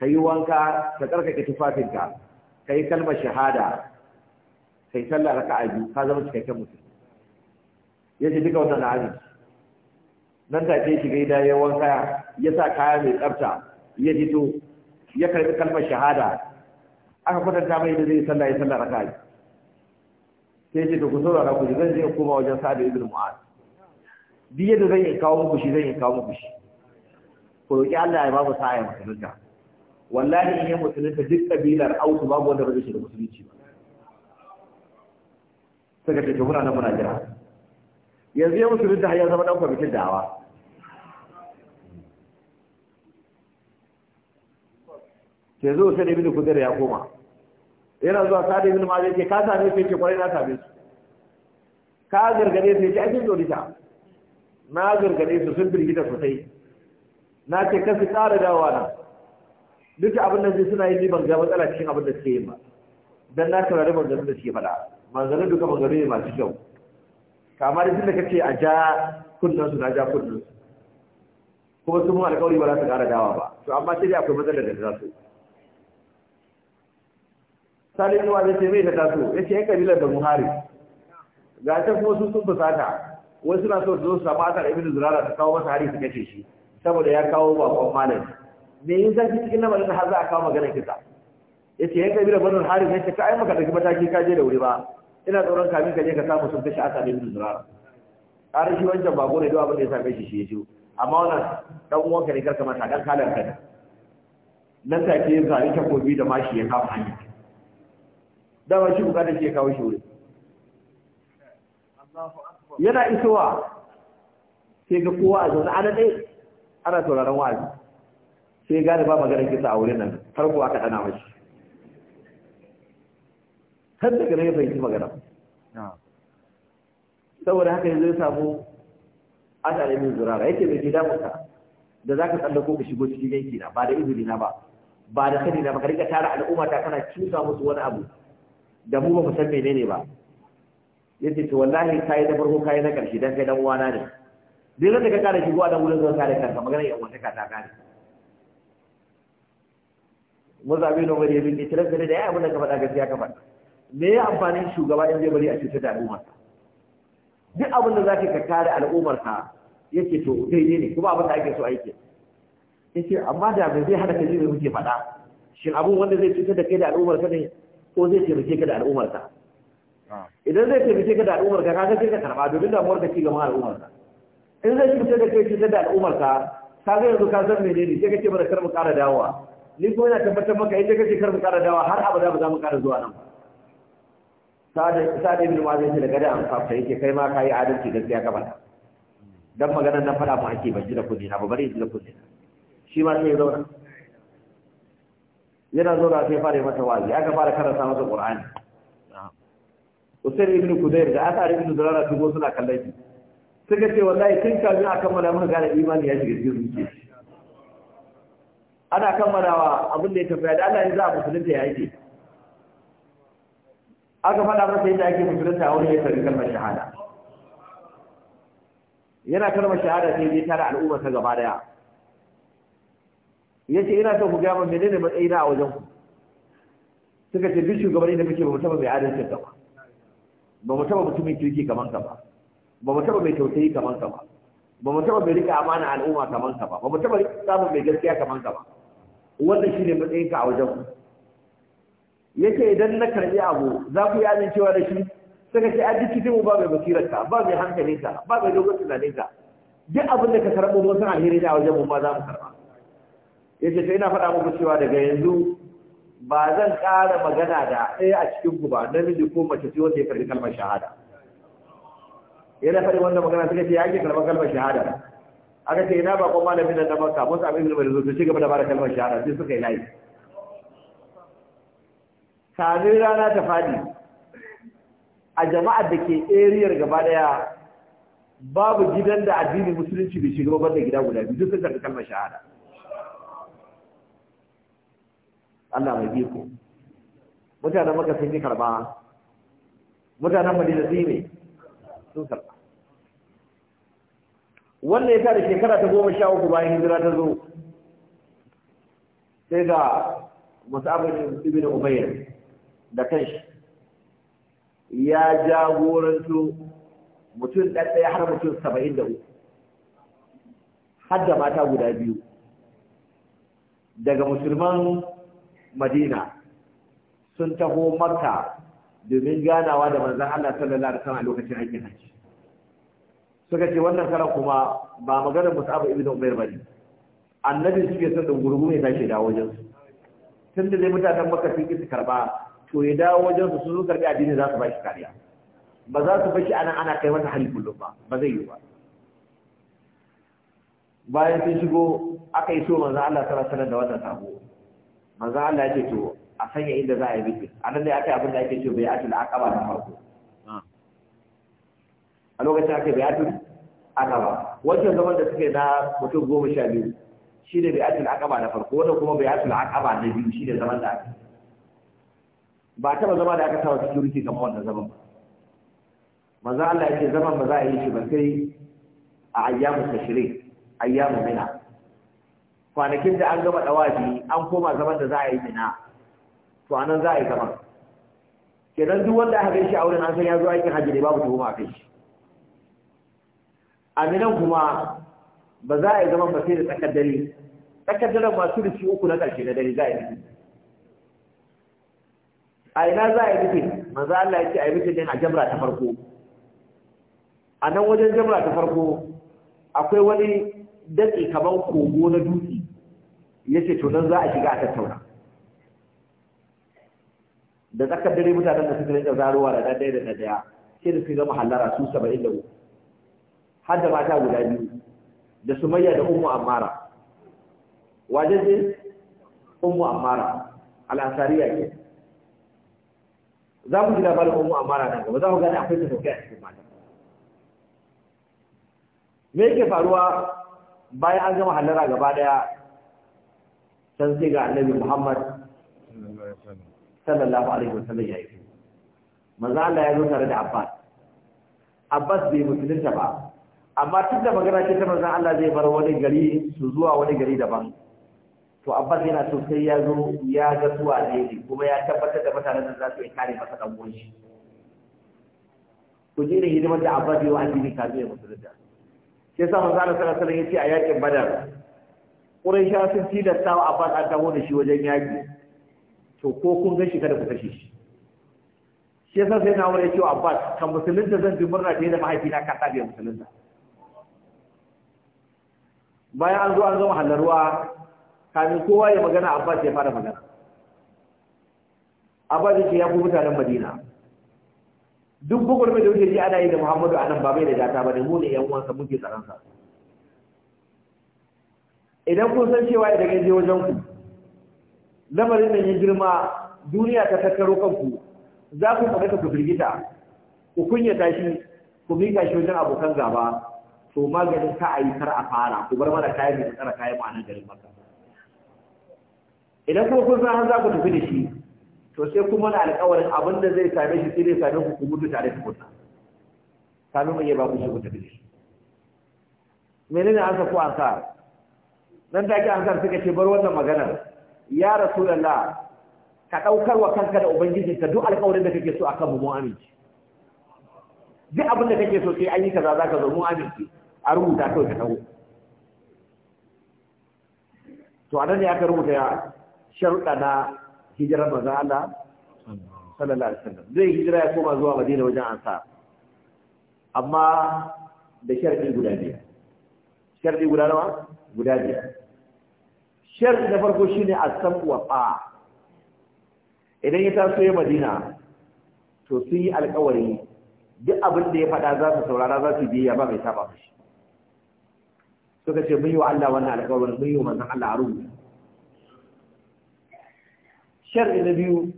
kai wanka ka karkake tufafinka kai kalmar shahada kai sallah raka'a biyu ka zama cikakken mutum yace duka wannan na'azi nan da ke shiga gida ya wanka ya sa kaya mai tsafta ya fito ya karbi kalmar shahada aka kwatanta mai da zai sallah ya sallah yi. sai ce da ku na ku zan je koma wajen sa'ad ibn mu'az bi yadda zan yi kawo muku shi zan yi kawo muku shi ku roki Allah ya ba mu sa'a musulunta wallahi in yi musulunta duk kabilar autu babu wanda ba zai shiga musulunci ba Saka ce muna nan muna jira yanzu ya musulunta har ya zama dan kwamitin da'awa sai zo sai ibn kudar ya koma yana zuwa sa da ibn malik ke ka same su yake kwarai na same su ka gargade su yake ake ta. na gargade su sun birgita sosai na ce kasu ƙara dawowa na duk abin da suna yi ban ga matsala cikin abin da suke yi ba dan na saurari maganganun da suke faɗa maganganun duka maganganu ne masu kyau kamar da kace a ja kunna su na ja kunna. su kuma alƙawari ba za su ƙara dawa ba to amma sai dai akwai matsalar da za su yi Salin zuwa zai sai mai ta taso ya ce yan kabilar da muhari ga ta kuma su sun fusata wasu suna so zo su samu asar ibn zurara ta kawo masa hari su kashe shi saboda ya kawo kwan malam me yin zafi cikin lamarin har za a kawo maganar kisa ya ce yan kabilar banin hari ya ce ka ai maka daga mataki ka je da wuri ba ina tsoron kamin ka je ka samu sun kashe asar ibn zurara ƙarar shi wancan ba ne duk abin da ya same shi shi ya ciwo amma wannan dan uwanka ne karka mata dan kalar ka nan take yin zari takobi da mashi ya kafa hanyar dama shi bukatar shi ya kawo shi wuri. yana isowa sai ga kowa a zaune ana ɗaya ana sauraron wa'azi sai gane ba maganar kisa a wurin nan farko aka ɗana mashi har daga nan ya fahimci magana saboda haka yanzu ya samu ana nemin zurara yake mai gida muka da za ka tsallako ka shigo cikin yanki na ba da izini na ba ba da sani na ba ka rika tara al'umma ta kana cuta musu wani abu da mu ba mu san menene ba yace to wallahi kai da farko kai na karshe dan kai dan uwana ne duk da ka kare a dan wurin zuwa kare kanka magana yan wata ka ta kare mazabi no bari bin itirar da ya abin da ka faɗa gaskiya ka faɗa me ya amfanin shugaba in zai bari a cutar da al'ummar duk abin da zaka ka kare al'ummar ka yace to daidai ne kuma abin da ake so aiki yace amma da bai zai hada kaji ne muke faɗa shin abun wanda zai cutar da kai da al'ummar ka ne ko zai taimake ka da al'ummarka idan zai taimake ka da al'ummarka ka sai ka karba domin damuwar ka ci gaban al'ummarka in zai cutar da kai cutar da al'ummarka ka ga yanzu ka san menene sai ka ce bara kar mu ƙara dawowa ni kuma ina tabbatar maka in ka ce kar mu ƙara dawowa har abada ba za mu kara zuwa nan ba sa'ad ibn mu'adh yace daga da amfafa yake kai ma kai adalci gaskiya ka bada dan maganar na fada mu ake ba jira kudi na ba bare jira kudi shi ma sai ya zauna yana zo da sai fara mata wazi aka fara karanta masa qur'ani usair ibn kudair da asar ibn durara su suna kallon shi suka ce wallahi ka ji a mana mun gane imani ya shiga cikin zuciya ana kammalawa abin da ya tafiya da Allah ya za a musulunta ya yake aka faɗa masa yadda ake musulunta a wani ya karbi kalmar shahada yana kalmar shahada sai ya tara al'umma ta gaba daya ya ce ina son ku gama menene na a wajen ku suka ce duk shugabanni da muke ba mu taba mai adalci ka ba ba mu taba mutumin kirki kaman ka ba ba mu taba mai tausayi kaman ka ba ba mu taba mai rika amana al'umma kaman ka ba ba mu taba samun mai gaskiya kaman ka ba wannan shine ka a wajen ku yace idan na karbi abu za ku yi amincewa da shi suka ce a duk cikin mu ba mai ka, ba mai hankalinka ba mai dogon ka duk abin da ka karɓo mun san alheri da wajen mu ba za mu karɓa yake sai ina faɗa muku cewa daga yanzu ba zan ƙara magana da ɗaya a cikin ku ba namiji ko mace sai wanda ya karɓi kalmar shahada yana faɗi wannan magana suka ce ya ake karɓar kalmar shahada aka ce ina ba ko malamin nan na maka musu abin da bai zo to ci gaba da fara kalmar shahada sai suka yi layi kamin rana ta faɗi a jama'ar da ke ariyar gaba ɗaya, babu gidan da addinin musulunci bai shiga babban da gida guda biyu duk sun karɓi kalmar shahada Allah mai bi ku mutanen maka sun yi karba mutanen madina sun ne sun karba wannan ya da shekara ta goma sha uku bayan hijira ta zo sai ga masu abin ibn umayyar da kanshi ya jagoranto mutum ɗaya har mutum saba'in da uku har da mata guda biyu daga musulman madina sun taho makka domin ganawa da manzan Allah sallallahu alaihi wasallam a lokacin aikin hajji suka ce wannan kara kuma ba maganar Mus'ab ibn Umair bane annabi suke son gurgu ne tashi da wajen su tunda dai mutanen Makka sun kisa karba to ya dawo wajen su su karbi addini za su ba shi kariya ba za su bashi anan ana kai masa hali kullum ba ba zai yi ba bayan sun shigo aka yi so manzo Allah sallallahu alaihi wasallam da wannan sabo manzo Allah ya ce to a sanya inda za a yi biki a nan dai aka yi abin da ake ce bai atul aqaba na farko ah. a lokacin aka bai atul aqaba wancan zaman da suke na mutum goma sha biyu shi ne bai atul aqaba na farko wanda kuma bai atul aqaba na biyu shi ne zaman da ba taba zama da aka sawa security kamar wannan zaman ba manzo Allah ya ce zaman ba za a yi shi ba sai a ayyamu tashrik ayyamu mina kwanakin da an gama dawafi an koma zaman da za a yi mina to anan za a yi zaman kenan duk wanda aka gaishe a wurin an san ya zo aikin hajji ne babu tuhuma a kai shi a minan kuma ba za a yi zaman ba sai da tsakar dare tsakar dare masu rufi uku na ƙarshe na dare za a yi nufi a ina za a yi nufi manzo Allah ya ce a yi nufi ne a jamra ta farko a nan wajen jamra ta farko akwai wani datse kaman kogo na dutse ya ce tunan za a shiga a tattauna da tsakar dare mutanen da suka rinka zaruwa da ɗaya da ɗaya sai da su gama hallara su saba'in da uku har da mata guda biyu da sumayya da ummu ammara wajen ne, ummu ammara al'asariya ke za mu ji labarin ummu ammara nan gaba za mu gane akwai ta sauke a cikin mata me yake faruwa bayan an gama hallara gaba daya san sai ga annabi Muhammad sallallahu alaihi wasallam ya yi Maza Allah ya zo tare da Abbas Abbas bai musulunta ba amma tun da magana ce ta maza Allah zai bar wani gari su zuwa wani gari daban to Abbas yana so sai ya zo ya ga zuwa ne kuma ya tabbatar da mutanen da za su yi kare masa dan uwan shi ku ji hidimar da Abbas ya yi wa addini kafin ya musulunta sai sa maza Allah sallallahu alaihi wasallam ya ce a yakin Badar ƙuraisha sun tilasta wa abbas an taho da shi wajen yaƙi to ko kun gan shi kada ku kashe shi shi yasa sai na wani ya ce wa abbas kan musulunta zan fi murna ta yi da mahaifina kan sabiya musulunta bayan an zo an zama halarwa kamin kowa ya magana abbas ya fara magana abbas ya ce ya fi mutanen madina duk bukurmi da wuce ji ana yi da muhammadu a nan ba bai da data ba ne mu ne yan uwansa muke tsaransa idan kun san cewa idan ya je wajen ku lamarin nan ya girma duniya ta tattaro kanku za ku faɗa ku firgita ku kunyata shi ku mika shi wajen abokan gaba to maganin ka a yi kar a fara ku bar mana kayan da tsara kayan ma'anar garin maka idan kuma kun san har za ku tafi da shi to sai kuma na alƙawarin abin da zai same shi sai zai same ku ku mutu tare da kuta sami mai ba ku shi ku tafi da shi menene an sa ko an sa nan ake ansar suka ce bar wannan magana ya rasulullah ka daukar wa kanka da ubangiji ka duk alƙawarin da kake so akan mu mu aminci duk abin da kake so sai an yi kaza zaka zo mu aminci a rubuta kawai ka dawo to anan ne aka rubuta ya sharuɗa na hijirar manzon Allah sallallahu alaihi wasallam zai hijira ya koma zuwa Madina wajen ansa amma da sharɗi guda biyar sharɗi guda nawa guda biyar sharri na farko shine ne a wa fa idan ya taso ya madina to sun yi alƙawari duk abin da ya faɗa za su saurara za su biya ba mai saba shi suka ce mun yi wa Allah wannan alƙawarin mun yi wa manzon Allah aru sharri na biyu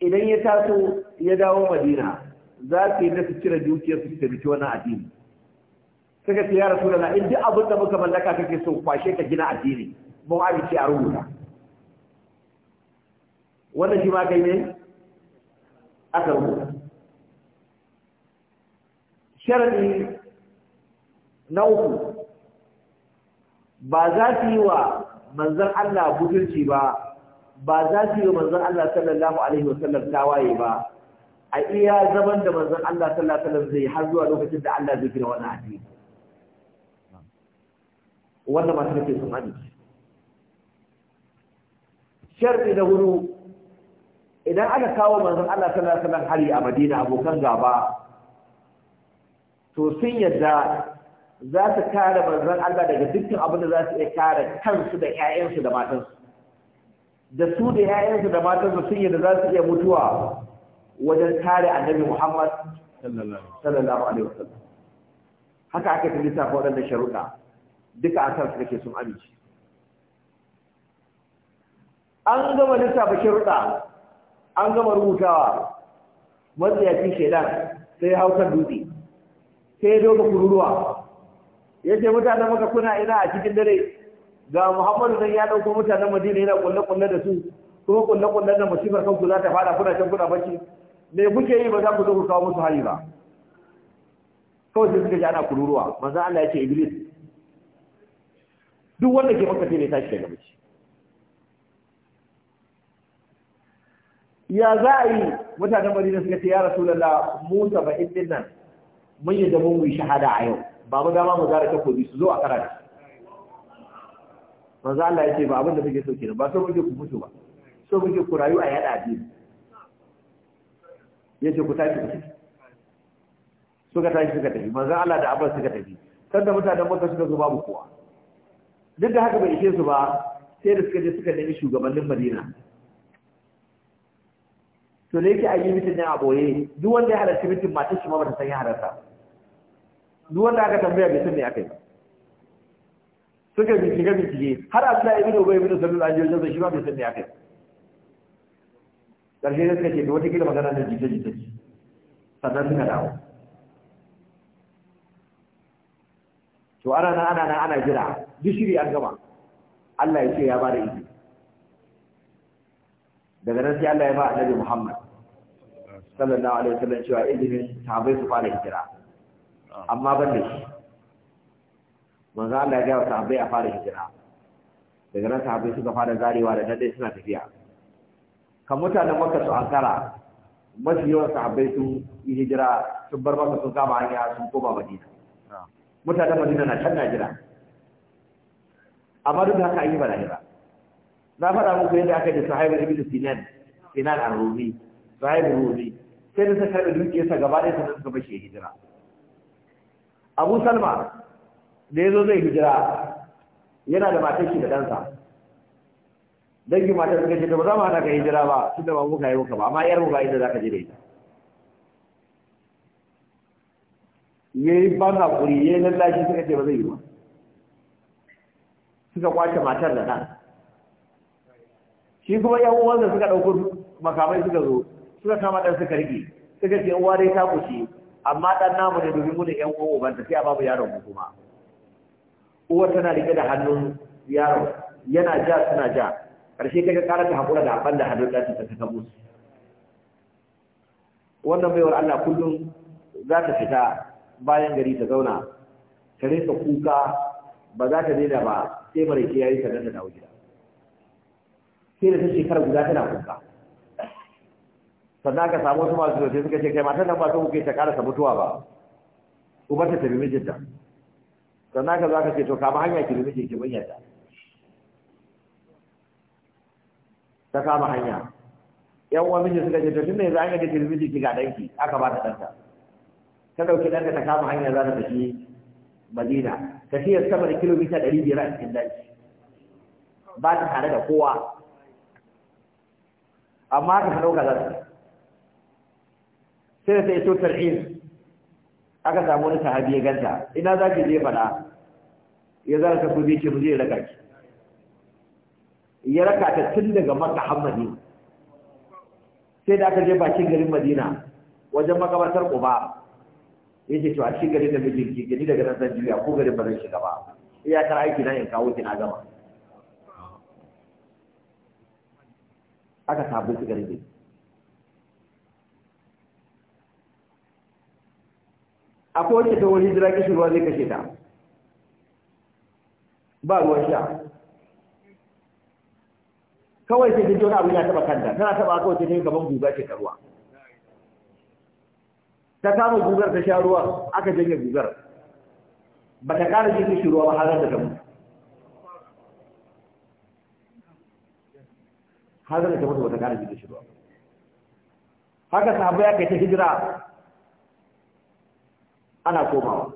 idan ya taso ya dawo madina za su yi na su cire dukiyar su ci wannan addini suka ce ya rasu da na in duk abin da muka mallaka kake so kwashe ka gina addini mun amince a rubuta wannan shi ma kai ne aka rubuta sharadi na uku ba za su yi wa manzan Allah butulci ba ba za su yi wa manzan Allah sallallahu alaihi wasallam tawaye ba a iya zaman da manzan Allah sallallahu alaihi wasallam zai har zuwa lokacin da Allah zai gina wannan hadisi wannan masu nake sun amince sharri da hudu idan aka kawo manzon Allah sallallahu alaihi wasallam hari a Madina abokan gaba to sun yadda za su kare manzon Allah daga dukkan abin da za su iya kare kansu da ƴaƴansu da matansu da su da ƴaƴansu da matansu sun yadda za su iya mutuwa wajen kare annabi Muhammad sallallahu alaihi wasallam haka aka tafi lissafa wadannan sharuɗa duka akan su kake sun amince an gama lissafa shirɗa an gama rubutawa matsayaci shaidan sai hausar dutse sai doka kururuwa ya ce mutanen maka kuna ina a cikin dare ga muhammadu zai ya ɗauko mutanen madina yana kulle-kulle da su kuma kulle-kulle da masifar kanku za ta fada kuna can kuna bacci me kuke yi ba za ku zo ku kawo musu hali ba kawai sai suka ji ana kururuwa manzan Allah ya ce iblis duk wanda ke maka sai ne tashi daga bacci ya za a yi mutanen madina suka ce ya rasulullah Musa ba din nan mun yi da mu yi shahada a yau ba mu dama mu zara takobi su zo a da manzo Allah ya ce ba abin da kuke so kenan ba so kuke ku mutu ba so kuke ku rayu a yada ya yace ku tashi ku tafi suka tashi suka tafi manzo Allah da Abbas suka tafi sanda mutanen Makka suka zo babu kowa duk da haka bai ishe su ba sai da suka je suka nemi shugabannin Madina to da yake an yi mitin ne a boye duk wanda ya halarci mitin matar shi ma ta san ya halarta duk wanda aka tambaya bai san me aka yi suka bincike bincike har a Abdullahi ibn Ubay ibn sanin an jirgin shi ma bai san me aka yi karshe ne suka ce da wata kila magana da jita jita ce sannan suka dawo to ana nan ana nan ana jira duk shiri an gama Allah ya ce ya da izini daga nan sai Allah ya ba annabi Muhammad sallallahu alaihi wasallam cewa izinin sahabbai su fara hijira amma ban da shi manzo Allah ya ga sahabbai a fara hijira daga nan sahabbai suka fara zarewa da dade suna tafiya kan mutanen Makka su ankara mafi yawan sahabbai sun yi hijira sun bar Makka sun kama hanya sun koma Madina mutanen Madina na can Najira amma duk da haka an yi ba na faɗa muku yadda aka da sahibin ibn sinan sinan ar-rumi sahabi rumi sai da saka da sa gaba ɗaya sannan suka bashi hijira abu salma da ya zo zai hijira yana da matar shi da ɗansa dangin matar suka ce ba za mu hana ka hijira ba tun da ba muka yi muka ba amma yar muka ba inda za ka je da ita ya yi ban haƙuri ya yi lallashi suka ce ba zai yi ba suka kwace matar da ɗan shi kuma yan uwan da suka dauko makamai suka zo suka kama dan suka rike suka ce uwa dai ta kuce amma dan namu ne domin mu da yan uwan uban ta sai a babu yaron mu kuma uwa tana rike da hannun yaron yana ja suna ja karshe kai ka kara ta hakura da abanda hannun da ta ta kabo wannan baiwar Allah kullum za ta fita bayan gari ta zauna ta rika kuka ba za ta daina ba sai maraice yayi sannan ta dawo gida sai da ta shekara guda tana kuka sannan aka samu wasu masu sosai suka ce kai mata nan ba ta kuke ta karasa mutuwa ba uba ta tafi mijinta sannan aka zo ce to kama hanya ki rubuce ki mun yadda ta kama hanya yan uwa mijin suka ce to tunda yanzu yi ki rubuce ki ga danki aka ba ta danta ta dauki danta ta kama hanya za ta tafi Madina tafiyar sama da kilomita ɗari biyar a cikin danki. ba ta tare da kowa amma ka dauka za zata sai da ta iso tar'in aka samu wani sahabi ya ganta ina za ki je fada ya zara ta kuzi ce muje raka ki ya raka ta tun daga maka hamadi sai da aka je bakin garin madina wajen makabartar kuma ya ce to a cikin garin da mijinki gani daga nan zan juya ko garin ba zan shiga ba iyakar aiki na in kawo ki gama aka sabu suka rage akwai wacce ta wani jira kashin ruwa zai kashe ta ba ruwan sha kawai sai ta wani abu ya taba kanta tana taba kawai sai ta yi gaban guga ce ta ruwa ta kama gugar ta sha ruwa aka janye gugar ba ta kara jin shi ruwa ba har da ta mutu har zan ta mutu wata gane da shi ba haka sahabbai aka yi ta hijira ana komawa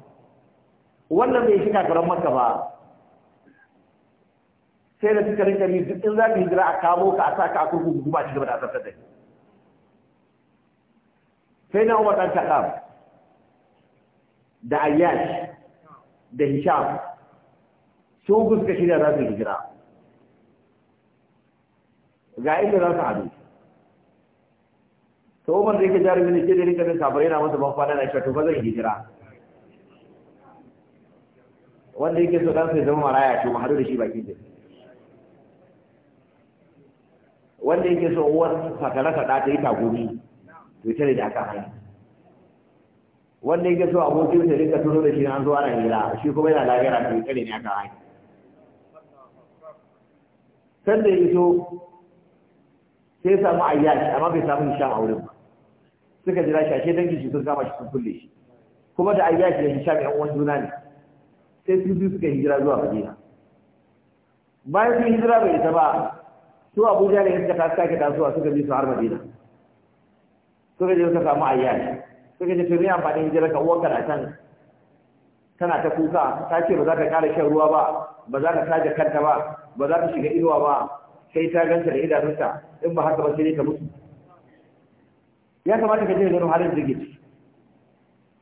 wannan bai shiga karan maka ba sai da suka rinka yi duk in za ka hijira a kamo ka a sa ka a kurkuku kuma a ci gaba da asarta da sai na umar dan kaɗan da ayyash da hisham su guska shirya za su hijira ga inda za su haɗu to umar da yake jarumi ne ke da rinka jin kafirai na masa ban na shi to fa zan hijira wanda yake so dan sai zama maraya to ma haɗu da shi bakin jini wanda yake so uwar sakarasa ɗa ta yi tagomi to ita da aka hanyar wanda yake so abokin sai rinka turo da shi an zo ana hira shi kuma yana lahira to ita ne aka hanyar sanda yake so sai ya samu ayyashi amma bai samu hisham a wurin ba suka jira shi ashe dangin shi sun kama shi sun kulle shi kuma da ayyashi da hisham yan uwan juna ne sai sun biyu suka hijira zuwa madina bayan sun hijira bai ita ba su abuja ne suka ta sake tasowa suka bi su har madina suka je suka samu ayyashi suka je to amfani hijira ka uwanka na can tana ta kuka ta ce ba za ta ƙara shan ruwa ba ba za ta taje kanta ba ba za ta shiga inuwa ba kai ta ganta da idanunta in ba haka ba sai ka mutu ya kamata ka je ganin halin da yake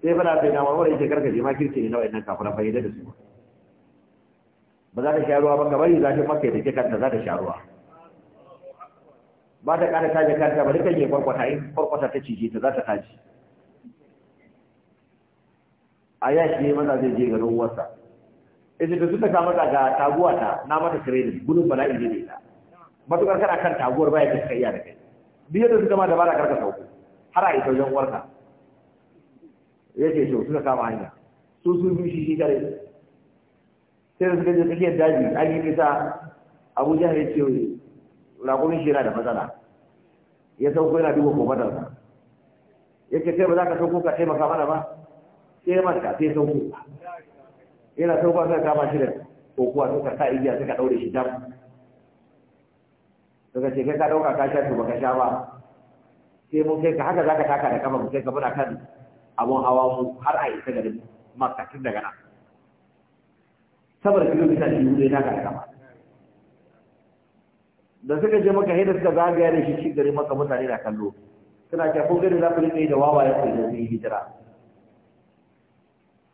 sai fara sai dama warware yake karkaje ma kirce ne na wayannan kafiran fa da su ba za ta sha ruwa ba ga bari za ta maka da kika za ta sha ruwa ba ta kada kaje kanta ba dukan ya kwarkwata in kwarkwata ta cije ta za ta taji a ya shi maza zai je garin wasa ita da ta kama ga taguwa ta na mata kredit gudun bala'i ne da ita matukar kana kan taguwar baya da kai da kai duk da suka ma da bara karka sauko har a yi taujen warka yace to suka kama hanya su su bi shi shi kare sai da suka je tsakiyar daji an yi nisa abu jihar ya ce rakumin shi yana da matsala ya sauko yana duba kofatarsa ya ce kai ba za ka sauko ka taimaka mana ba sai ya manta sai sauko yana sauko sai kama shi da kokuwa suka sa igiya suka daure shi dam daga ce kai ka dauka ka sha to baka sha ba sai mun kai ka haka zaka taka da kafa mu kai ka buna kan abun hawa mu har a isa garin makka tun daga nan saboda bisa shi ne taka da kama da suka je maka hidda suka zagaya da shi shi garin maka mutane na kallo suna ce ko gari za ku rike da wawaye ku da zai hijira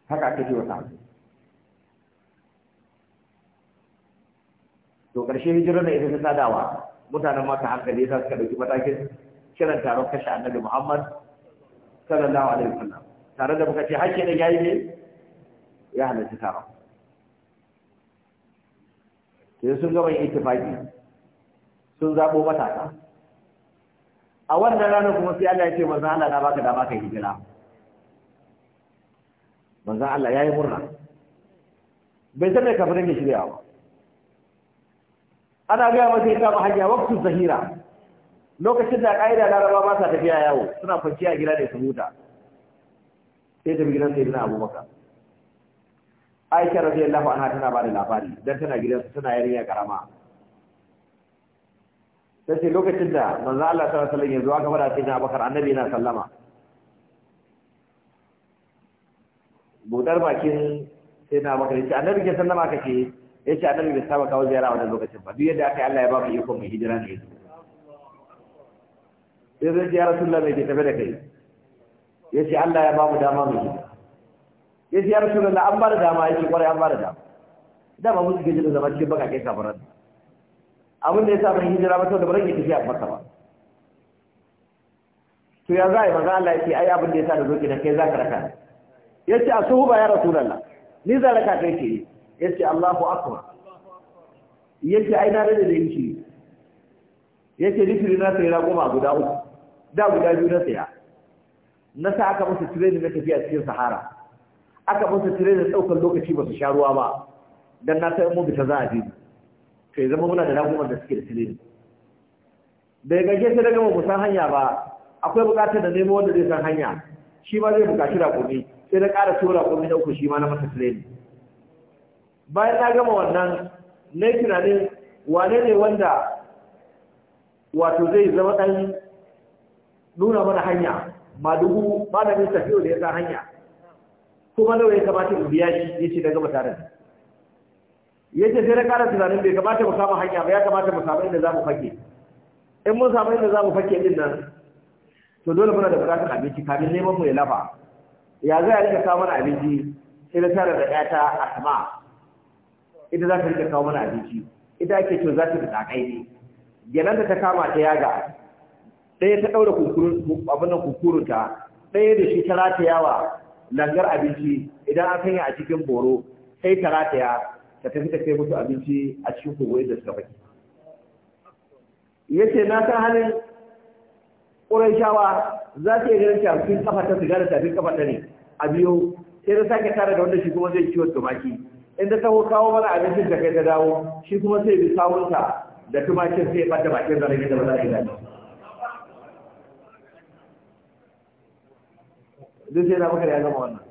haka aka ce wata to karshe hijira na ita ta sadawa mutanen maka hankali za su ɗauki matakin kiran taron kashe annabi muhammad sallallahu alaihi wasallam tare da muka ce hakki da yayi ne ya halarci taron sai sun gama yin ittifaki sun zabo matasa a wannan ranar kuma sai Allah ya ce manzo Allah na baka dama kai hijira manzo Allah yayi murna bai san me kafirin ke ba ana gaya masa ita ba hanya waktu zahira lokacin da ƙa'ida laraba ba sa tafiya yawo suna kwanciya gida da su huta sai tafi gidan sai na abubakar aisha radiyallahu anha tana ba da labari dan tana gidan su tana yarinya karama sai sai lokacin da manzo Allah sallallahu alaihi wasallam ya zo aka fara sai na abubakar annabi na sallama budar bakin sai na abubakar ce annabi ke sallama kake ya ce annabi bai saba kawo ziyara wannan lokacin ba duk yadda aka yi Allah ya baka iko mai hijira ne sai zai ya rasulullah mai ke tafe da kai ya ce Allah ya bamu dama mai hijira ya ziyara ya rasulullah an ba da dama ya ce kwarai an ba da dama dama musu gaji da zama cikin bakakai kafaran abin da ya sa mai hijira ba saboda ba rage tafiya a masa ba to ya za a yi maza Allah ya ce ai abin da ya sa da zo da kai za ka raka ya ce a suhu ba ya rasu rasulullah ni za raka kai ke yi yace Allahu akbar yace ai na rada da yake yace litiri na sai ragoma guda uku da guda biyu na saya na sa aka musu training na tafiya cikin sahara aka musu training daukar lokaci ba su sha ruwa ba dan na sai mu bi ta za a je to zama muna da ragoma da suke da training bai gaje sai daga mu san hanya ba akwai bukatar da nemo wanda zai san hanya shi ma zai bukaci raƙumi sai na ƙara tura raƙumi na uku shi ma na masa training bayan na gama wannan na tunanin wane ne wanda wato zai zama ɗan nuna mana hanya ma dubu nisa fiye da ya sa hanya kuma nawa ya kamata in biya shi ya ce daga gama ya ce sai na ƙara tunanin bai kamata mu samu hanya ba ya kamata mu samu inda za mu fake in mun samu inda za mu fake din nan to dole muna da buƙatar abinci kamin neman mu ya lafa ya zai a rika samun abinci sai na tara da a asma ita za ta rika kawo mana abinci ita ake cewa za ta fi kai ne gyanan da ta kama ta yaga ɗaya ta ɗaura abin nan ta, ɗaya da shi ta wa langar abinci idan an sanya a cikin boro sai ta rataya ta tafi ta kai musu abinci a cikin kogoyi da suka baki ya ce na san halin ƙurai shawa za ta yi ganin shafin kafa ta sigara tafi kafa ta ne a biyu sai ta sake tare da wanda shi kuma zai ciwon tumaki inda ta kawo mana abincin da kai ta dawo shi kuma sai bi sawunta da tumakin sai ya ɓata bakin zanen da ba za a yi duk sai na maka ya zama wannan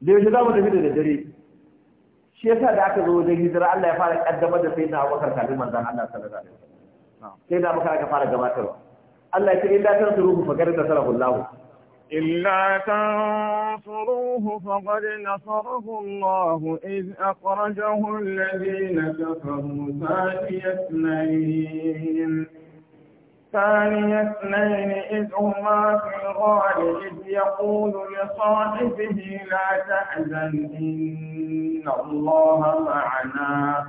da yaushe za mu tafi da daddare shi yasa da aka zo wajen hijira Allah ya fara kaddamar da sai Abubakar kafin manzon Allah sallallahu alaihi wasallam sai na Abubakar aka fara gabatarwa Allah ya ce in da tan suruhu fa kada nasarahu Allah إلا تنصروه فقد نصره الله إذ أخرجه الذين كفروا ثاني اثنين ثاني اثنين إذ هما في الغار إذ يقول لصاحبه لا تحزن إن الله معنا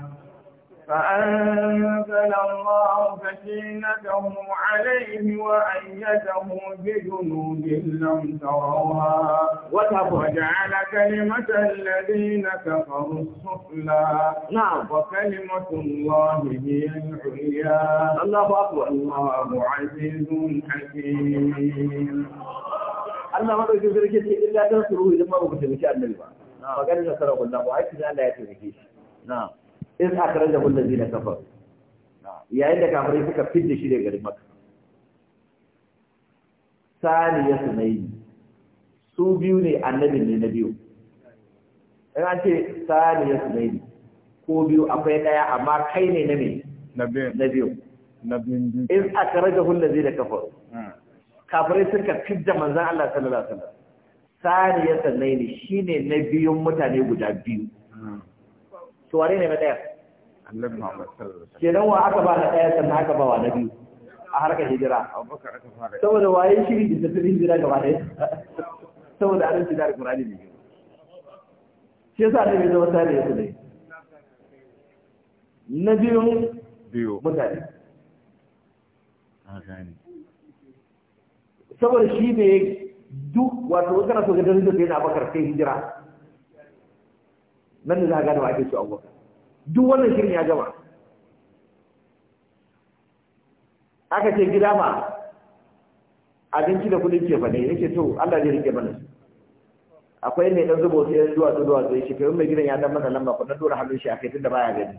فأنزل الله سكينته عليه وأيده بجنود لم تروها وجعل كلمة الذين كفروا السفلى نعم وكلمة الله هي العليا الله أكبر الله عزيز حكيم Allah madaukin sarki ce illa dan suru idan ma ba ku taimaki annabi ba. Maganin nasarar Allah ba, aiki da Allah ya taimake shi. Na'am. in akarar da hulun zina kafar yayin da kafirai suka fidda shi da garin maka sani ya nai su biyu ne annabin ne na biyu in an ce sani ya nai ko biyu akwai daya amma kai ne na me na biyu in akarar da hulun zina kafar kafirai suka fidda manzan Allah sallallahu alaihi wasallam sani ya sunayi shine na biyun mutane guda biyu to ware ne na ɗaya annabi kenan wa aka ba na ɗaya sannan aka ba wa na biyu a harkar hijira saboda waye shiri da tafiyin hijira gaba ɗaya saboda an shi da alƙur'ani ne shi yasa ne mai zama tare su ne na biyu biyu mutane saboda shi ne duk wato kana so ga dalilin da yana bakar kai hijira nan da za a gane wa ake so abubakar duk wannan shirin ya gama aka ce gida ma abinci da kudin kefa ne yake to Allah zai rike mana akwai ne dan zubo sai zuwa zuwa sai shi kai mai gidan ya dan masa lamba ko dora hannun shi akai tunda baya gani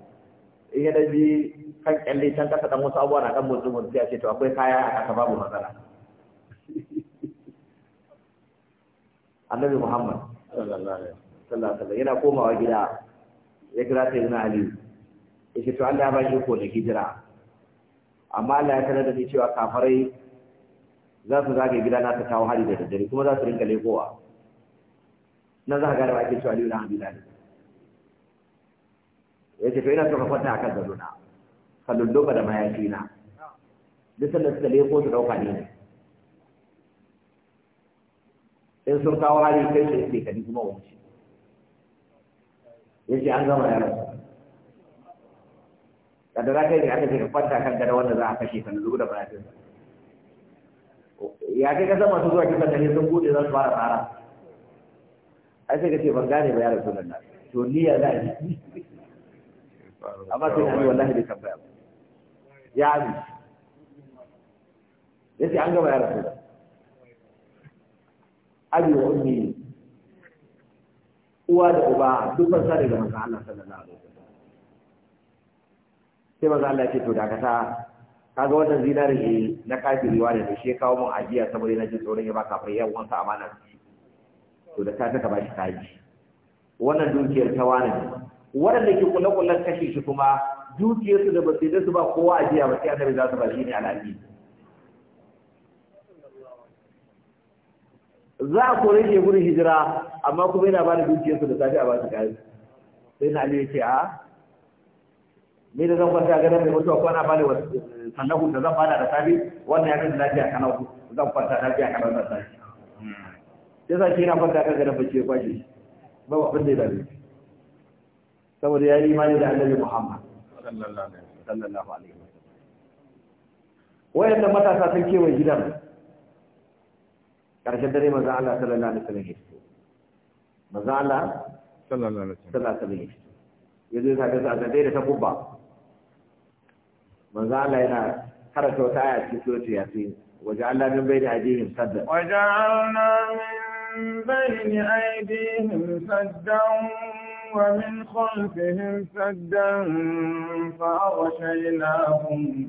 in ya dabi kan kyalle can kasa dan wasu abubuwa na dan motsi motsi ya ce to akwai kaya a kasa babu matsala annabi muhammad sallallahu alaihi wasallam sallallahu alaihi yana komawa gida ya kira sai na ali ya ce to Allah ya ba shi ko da hijira amma Allah ya sanar da ni cewa kafarai za su zage gida na ta kawo hari da daddare kuma za su rinka lekowa nan za ka gane ba ake cewa aliyu na hamila ne ya ce to ina so ka kwanta a kan gado na ka lulluɓa da mayafi na duk sanda suka leko su ɗauka ne ne in sun kawo hari kai su ne ka kuma wuce ya ce an gama ya rasu. yaron kadara kai ne aka ce ka kwanta kan gada wanda za a kashe ka zuba da bayatin ya kai kasa masu zuwa kisan da ne sun bude za su fara fara ai sai ka ce ban gane ba ya rasu nan to niyya za a yi amma sai na yi wallahi bai tambaya ba ya abi ya ce an gama ya rasu da. abi wa ummi uwa da uba duk ban sani da manzo Allah sallallahu alaihi wasallam sai maza Allah ya ce to dakata kaga wannan zinarin ne na kafiri wa da shi kawo mun ajiya saboda na ji tsoron ya ba kafir yan wanka amana to da ka ba bashi kaji wannan dukiyar ta wani waɗanda ke kula-kulan kashe shi kuma dukiyarsu da da su ba kowa ajiya ba sai annabi za su ba shi ne alhaji za a kore shi gudun hijira amma kuma yana ba da su da safi a ba su kayan sai na aliyu ce a ne da zan kwanta ganin mai mutuwa kwana ba da sannan da zan fada da safi wannan ya kasance lafiya kanan ku zan kwanta lafiya kanan da safi sai sa shi yana kwanta kan ganin bace kwashe ba abin da ya zabe saboda ya yi imani da annabi muhammad sallallahu alaihi wasallam wayannan matasa sun kewaye gidan كاشدري مزالا صلى الله عليه وسلم مزالا صلى الله عليه وسلم يدو ساكي ساكي ساكي ديري سبوبا مزالا هنا خرج وتعالى في سورة ياسين وجعلنا من بين أيديهم سدا وجعلنا من بين أيديهم سدا ومن خلفهم سدا فأغشيناهم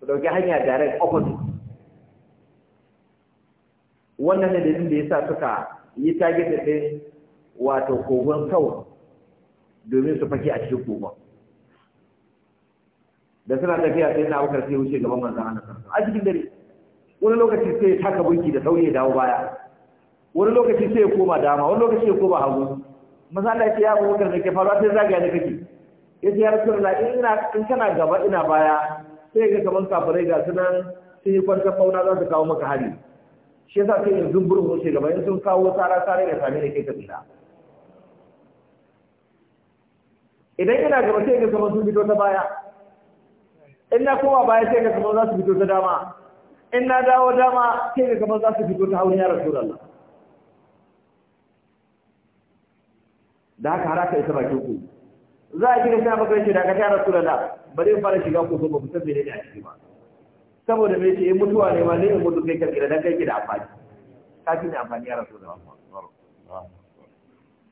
ku ɗauki hanya direct opposite wannan ne da da yasa suka yi target din wato kogon kau domin su fake a cikin kogon da suna tafiya sai na abokar sai wuce gaban manzan Allah sallallahu a cikin dare wani lokaci sai ya taka bunki da sauri ya dawo baya wani lokaci sai ya koma dama wani lokaci ya koma hagu misali ya ce ya abokar da ke faruwa sai zagaya da kake ya ce ya rasu da ina in kana gaba ina baya sai ga kamar kafirai ga su nan sun yi kwanta fauna za su kawo maka hari shi yasa sai yanzu burin wuce gaba in sun kawo tsara tsara ya sami da ke kabila idan yana gaba sai ga kamar sun fito ta baya in na koma baya sai ga kamar za su fito ta dama in na dawo dama sai ga kamar za su fito ta hauni ya rasulullah da haka haraka isa bakin kuma za a gina shi maka shi da aka tara su da da ba zai fara shiga ko ba kusan bai da ciki ba saboda me yace in eh, mutuwa ne ma ne in mutu kai ka kira dan kai ki da amfani ka ne amfani ya rasu da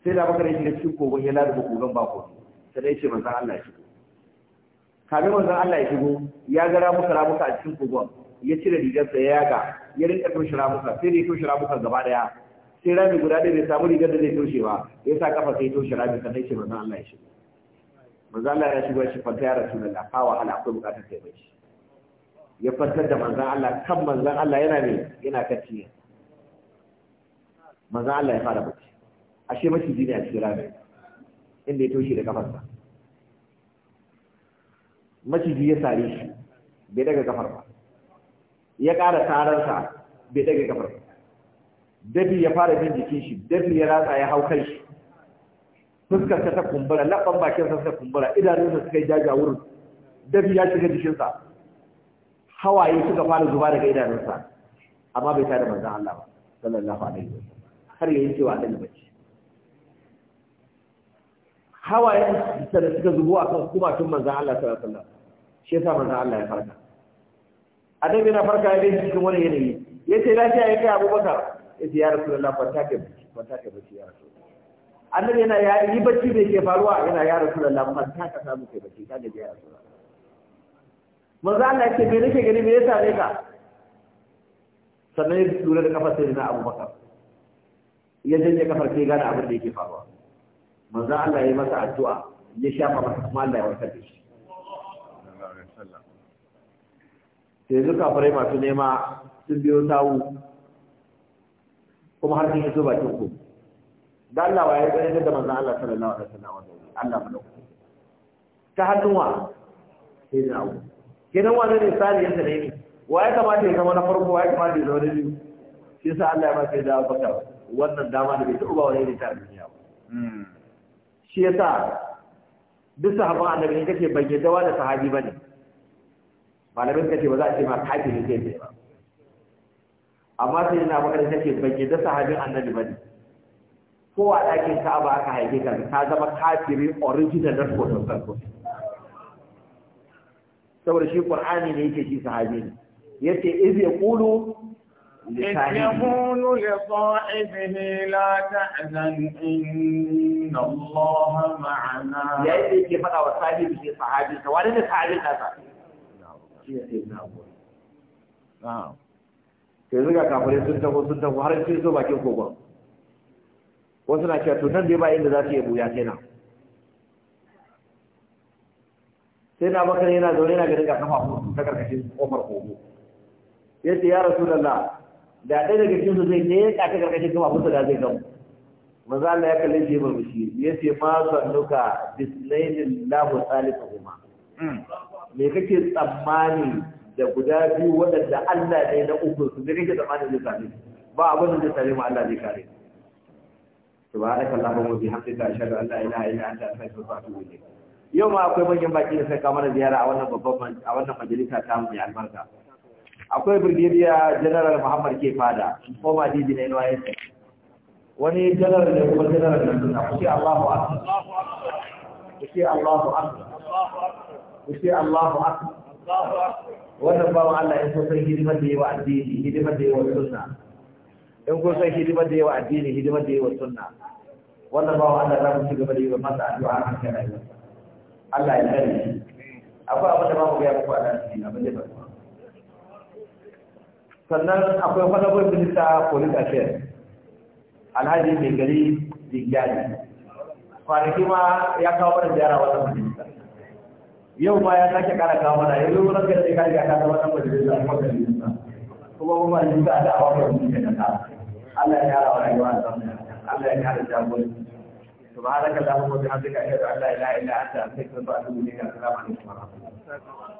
sai da baka da shi cikin kogon ya lada kogon ba ko sai dai ce manzon Allah ya shigo kamin manzon Allah ya shigo ya ga ramuka ramuka a cikin kogon ya cire rigarsa ya yaga ya rinka toshe ramuka sai da ya toshe ramuka gaba daya sai rami guda ɗaya bai samu rigar da zai toshe ba ya sa kafa sai toshe rami sannan ce manzon Allah ya shigo manzo Allah ya shigo shi fanta ya rasulullah fa wahala akwai bukatar taimaki ya fantar da manzo Allah kan manzo Allah yana ne yana kaciya manzo Allah ya fara bacci ashe maciji ne a cikin rami inda ya toshe da kafarsa maciji ya sare shi bai daga kafar ba ya ƙara tararsa bai daga kafar ba dafi ya fara bin jikin shi dafi ya ratsa ya hau kai shi fuskarsa ta kumbura labban bakinsa ta kumbura idanunsa suka yi jaja wurin dabi ya shiga jikinsa hawaye suka fara zuba daga idanunsa amma bai tada manzan Allah ba sallallahu alaihi wasallam har yayin cewa annabi bacci hawaye da suka zubo a kuma kumatun manzan Allah sallallahu alaihi sallam shi yasa manzan Allah ya farka annabi na farka ya bin cikin wani yanayi yace lafiya ya kai Abubakar yace ya Rasulullah kwanta take bacci kwanta take bacci ya Rasulullah annabi yana ya yi bacci da ke faruwa yana ya rasu da lamu ta ka samu kai bacci ta da jiya rasu manzo Allah yake me nake gani me yasa ne ka sannan ya lura da kafar sai na Abubakar ya janye kafar sai gane abin da yake faruwa manzo Allah ya yi masa addu'a ya shafa masa kuma Allah ya warkar da shi sai zuka fare masu nema sun biyo sawu kuma har sun iso bakin ku da Allah wa ya tsaye da maza Allah sallallahu alaihi wasallam Allah mu dauko ta hannuwa sai da abu gidan wani ne sani yadda da yake wa ya kamata ya zama na farko wa ya kamata ya zama na biyu shi sa Allah ya ba sai da Abubakar wannan dama da bai taɓa ba wani ne ta duniya ba hmm. shi yasa duk sahabban annabi ne kake bai dawa da sahabi bane malamin ce ba za a ce ma kafiri ne ba amma sai na bakar kake bai da sahabin annabi ba ne. ko a ɗakin ba aka haife ka ka zama kafiri original na hoton farko saboda shi qur'ani ne yake shi sahabi ne yace iz yaqulu يقول لصاحبه لا تحزن إن الله معنا يا إيه كيف أنا وصاحبي في صحابي سواء صحابي هذا نعم sai zuga kafirai sun taho sun taho har sai zo bakin kogon wasu na cewa tunan nan dai ba inda za su iya buya sai na sai na bakar yana zaune yana ganin ga kafa hutu ta karkashin kofar kogo ya ce ya rasu lalla da ɗaya daga cikin su zai ne ta karkashin kafa hutu da zai gamu maza Allah ya kalle shi ba mushi ya ce ma sannuka bislainin lahu kuma me kake tsammani da guda biyu waɗanda Allah ne na uku su ne kake tsammani zai sami ba abin da zai sami mu Allah zai kare subhanaka allahumma wa bihamdika ashhadu an la ilaha illa anta astaghfiruka wa atubu ilayk yau ma akwai manyan baki da sai kamar ziyara a wannan babban a wannan majalisa ta mu mai albarka akwai brigadier general muhammad ke fada koma didi na nys wani general ne kuma general na duniya ku ce allahu akbar ku ce allahu akbar ku ce allahu akbar wannan bawan allah ya so sai hidimar da yi wa addini hidimar da yi wa sunna in kun san hidimar da yawa addini hidimar da yawa sunna wannan ba wanda za mu ci gaba da yi wa masa addu'a a kan rayuwa Allah ya kare shi akwai abin da ba mu ga ku a nan abin da ba sannan akwai fadabon minista police affairs alhaji mai gari dingyani kwanaki ma ya kawo mana ziyara wannan minista yau ma ya sake kara kawo mana yanzu wurin ka ce ka riga ka zama nan majalisa a kuma mu majalisa da awon mutum da ta Allah ya kara wa rayuwa da zaman Allah ya kara jagoranci subhanaka allahumma wa bihamdika ashhadu an la ilaha illa anta astaghfiruka wa atubu ilayk assalamu alaikum wa rahmatullahi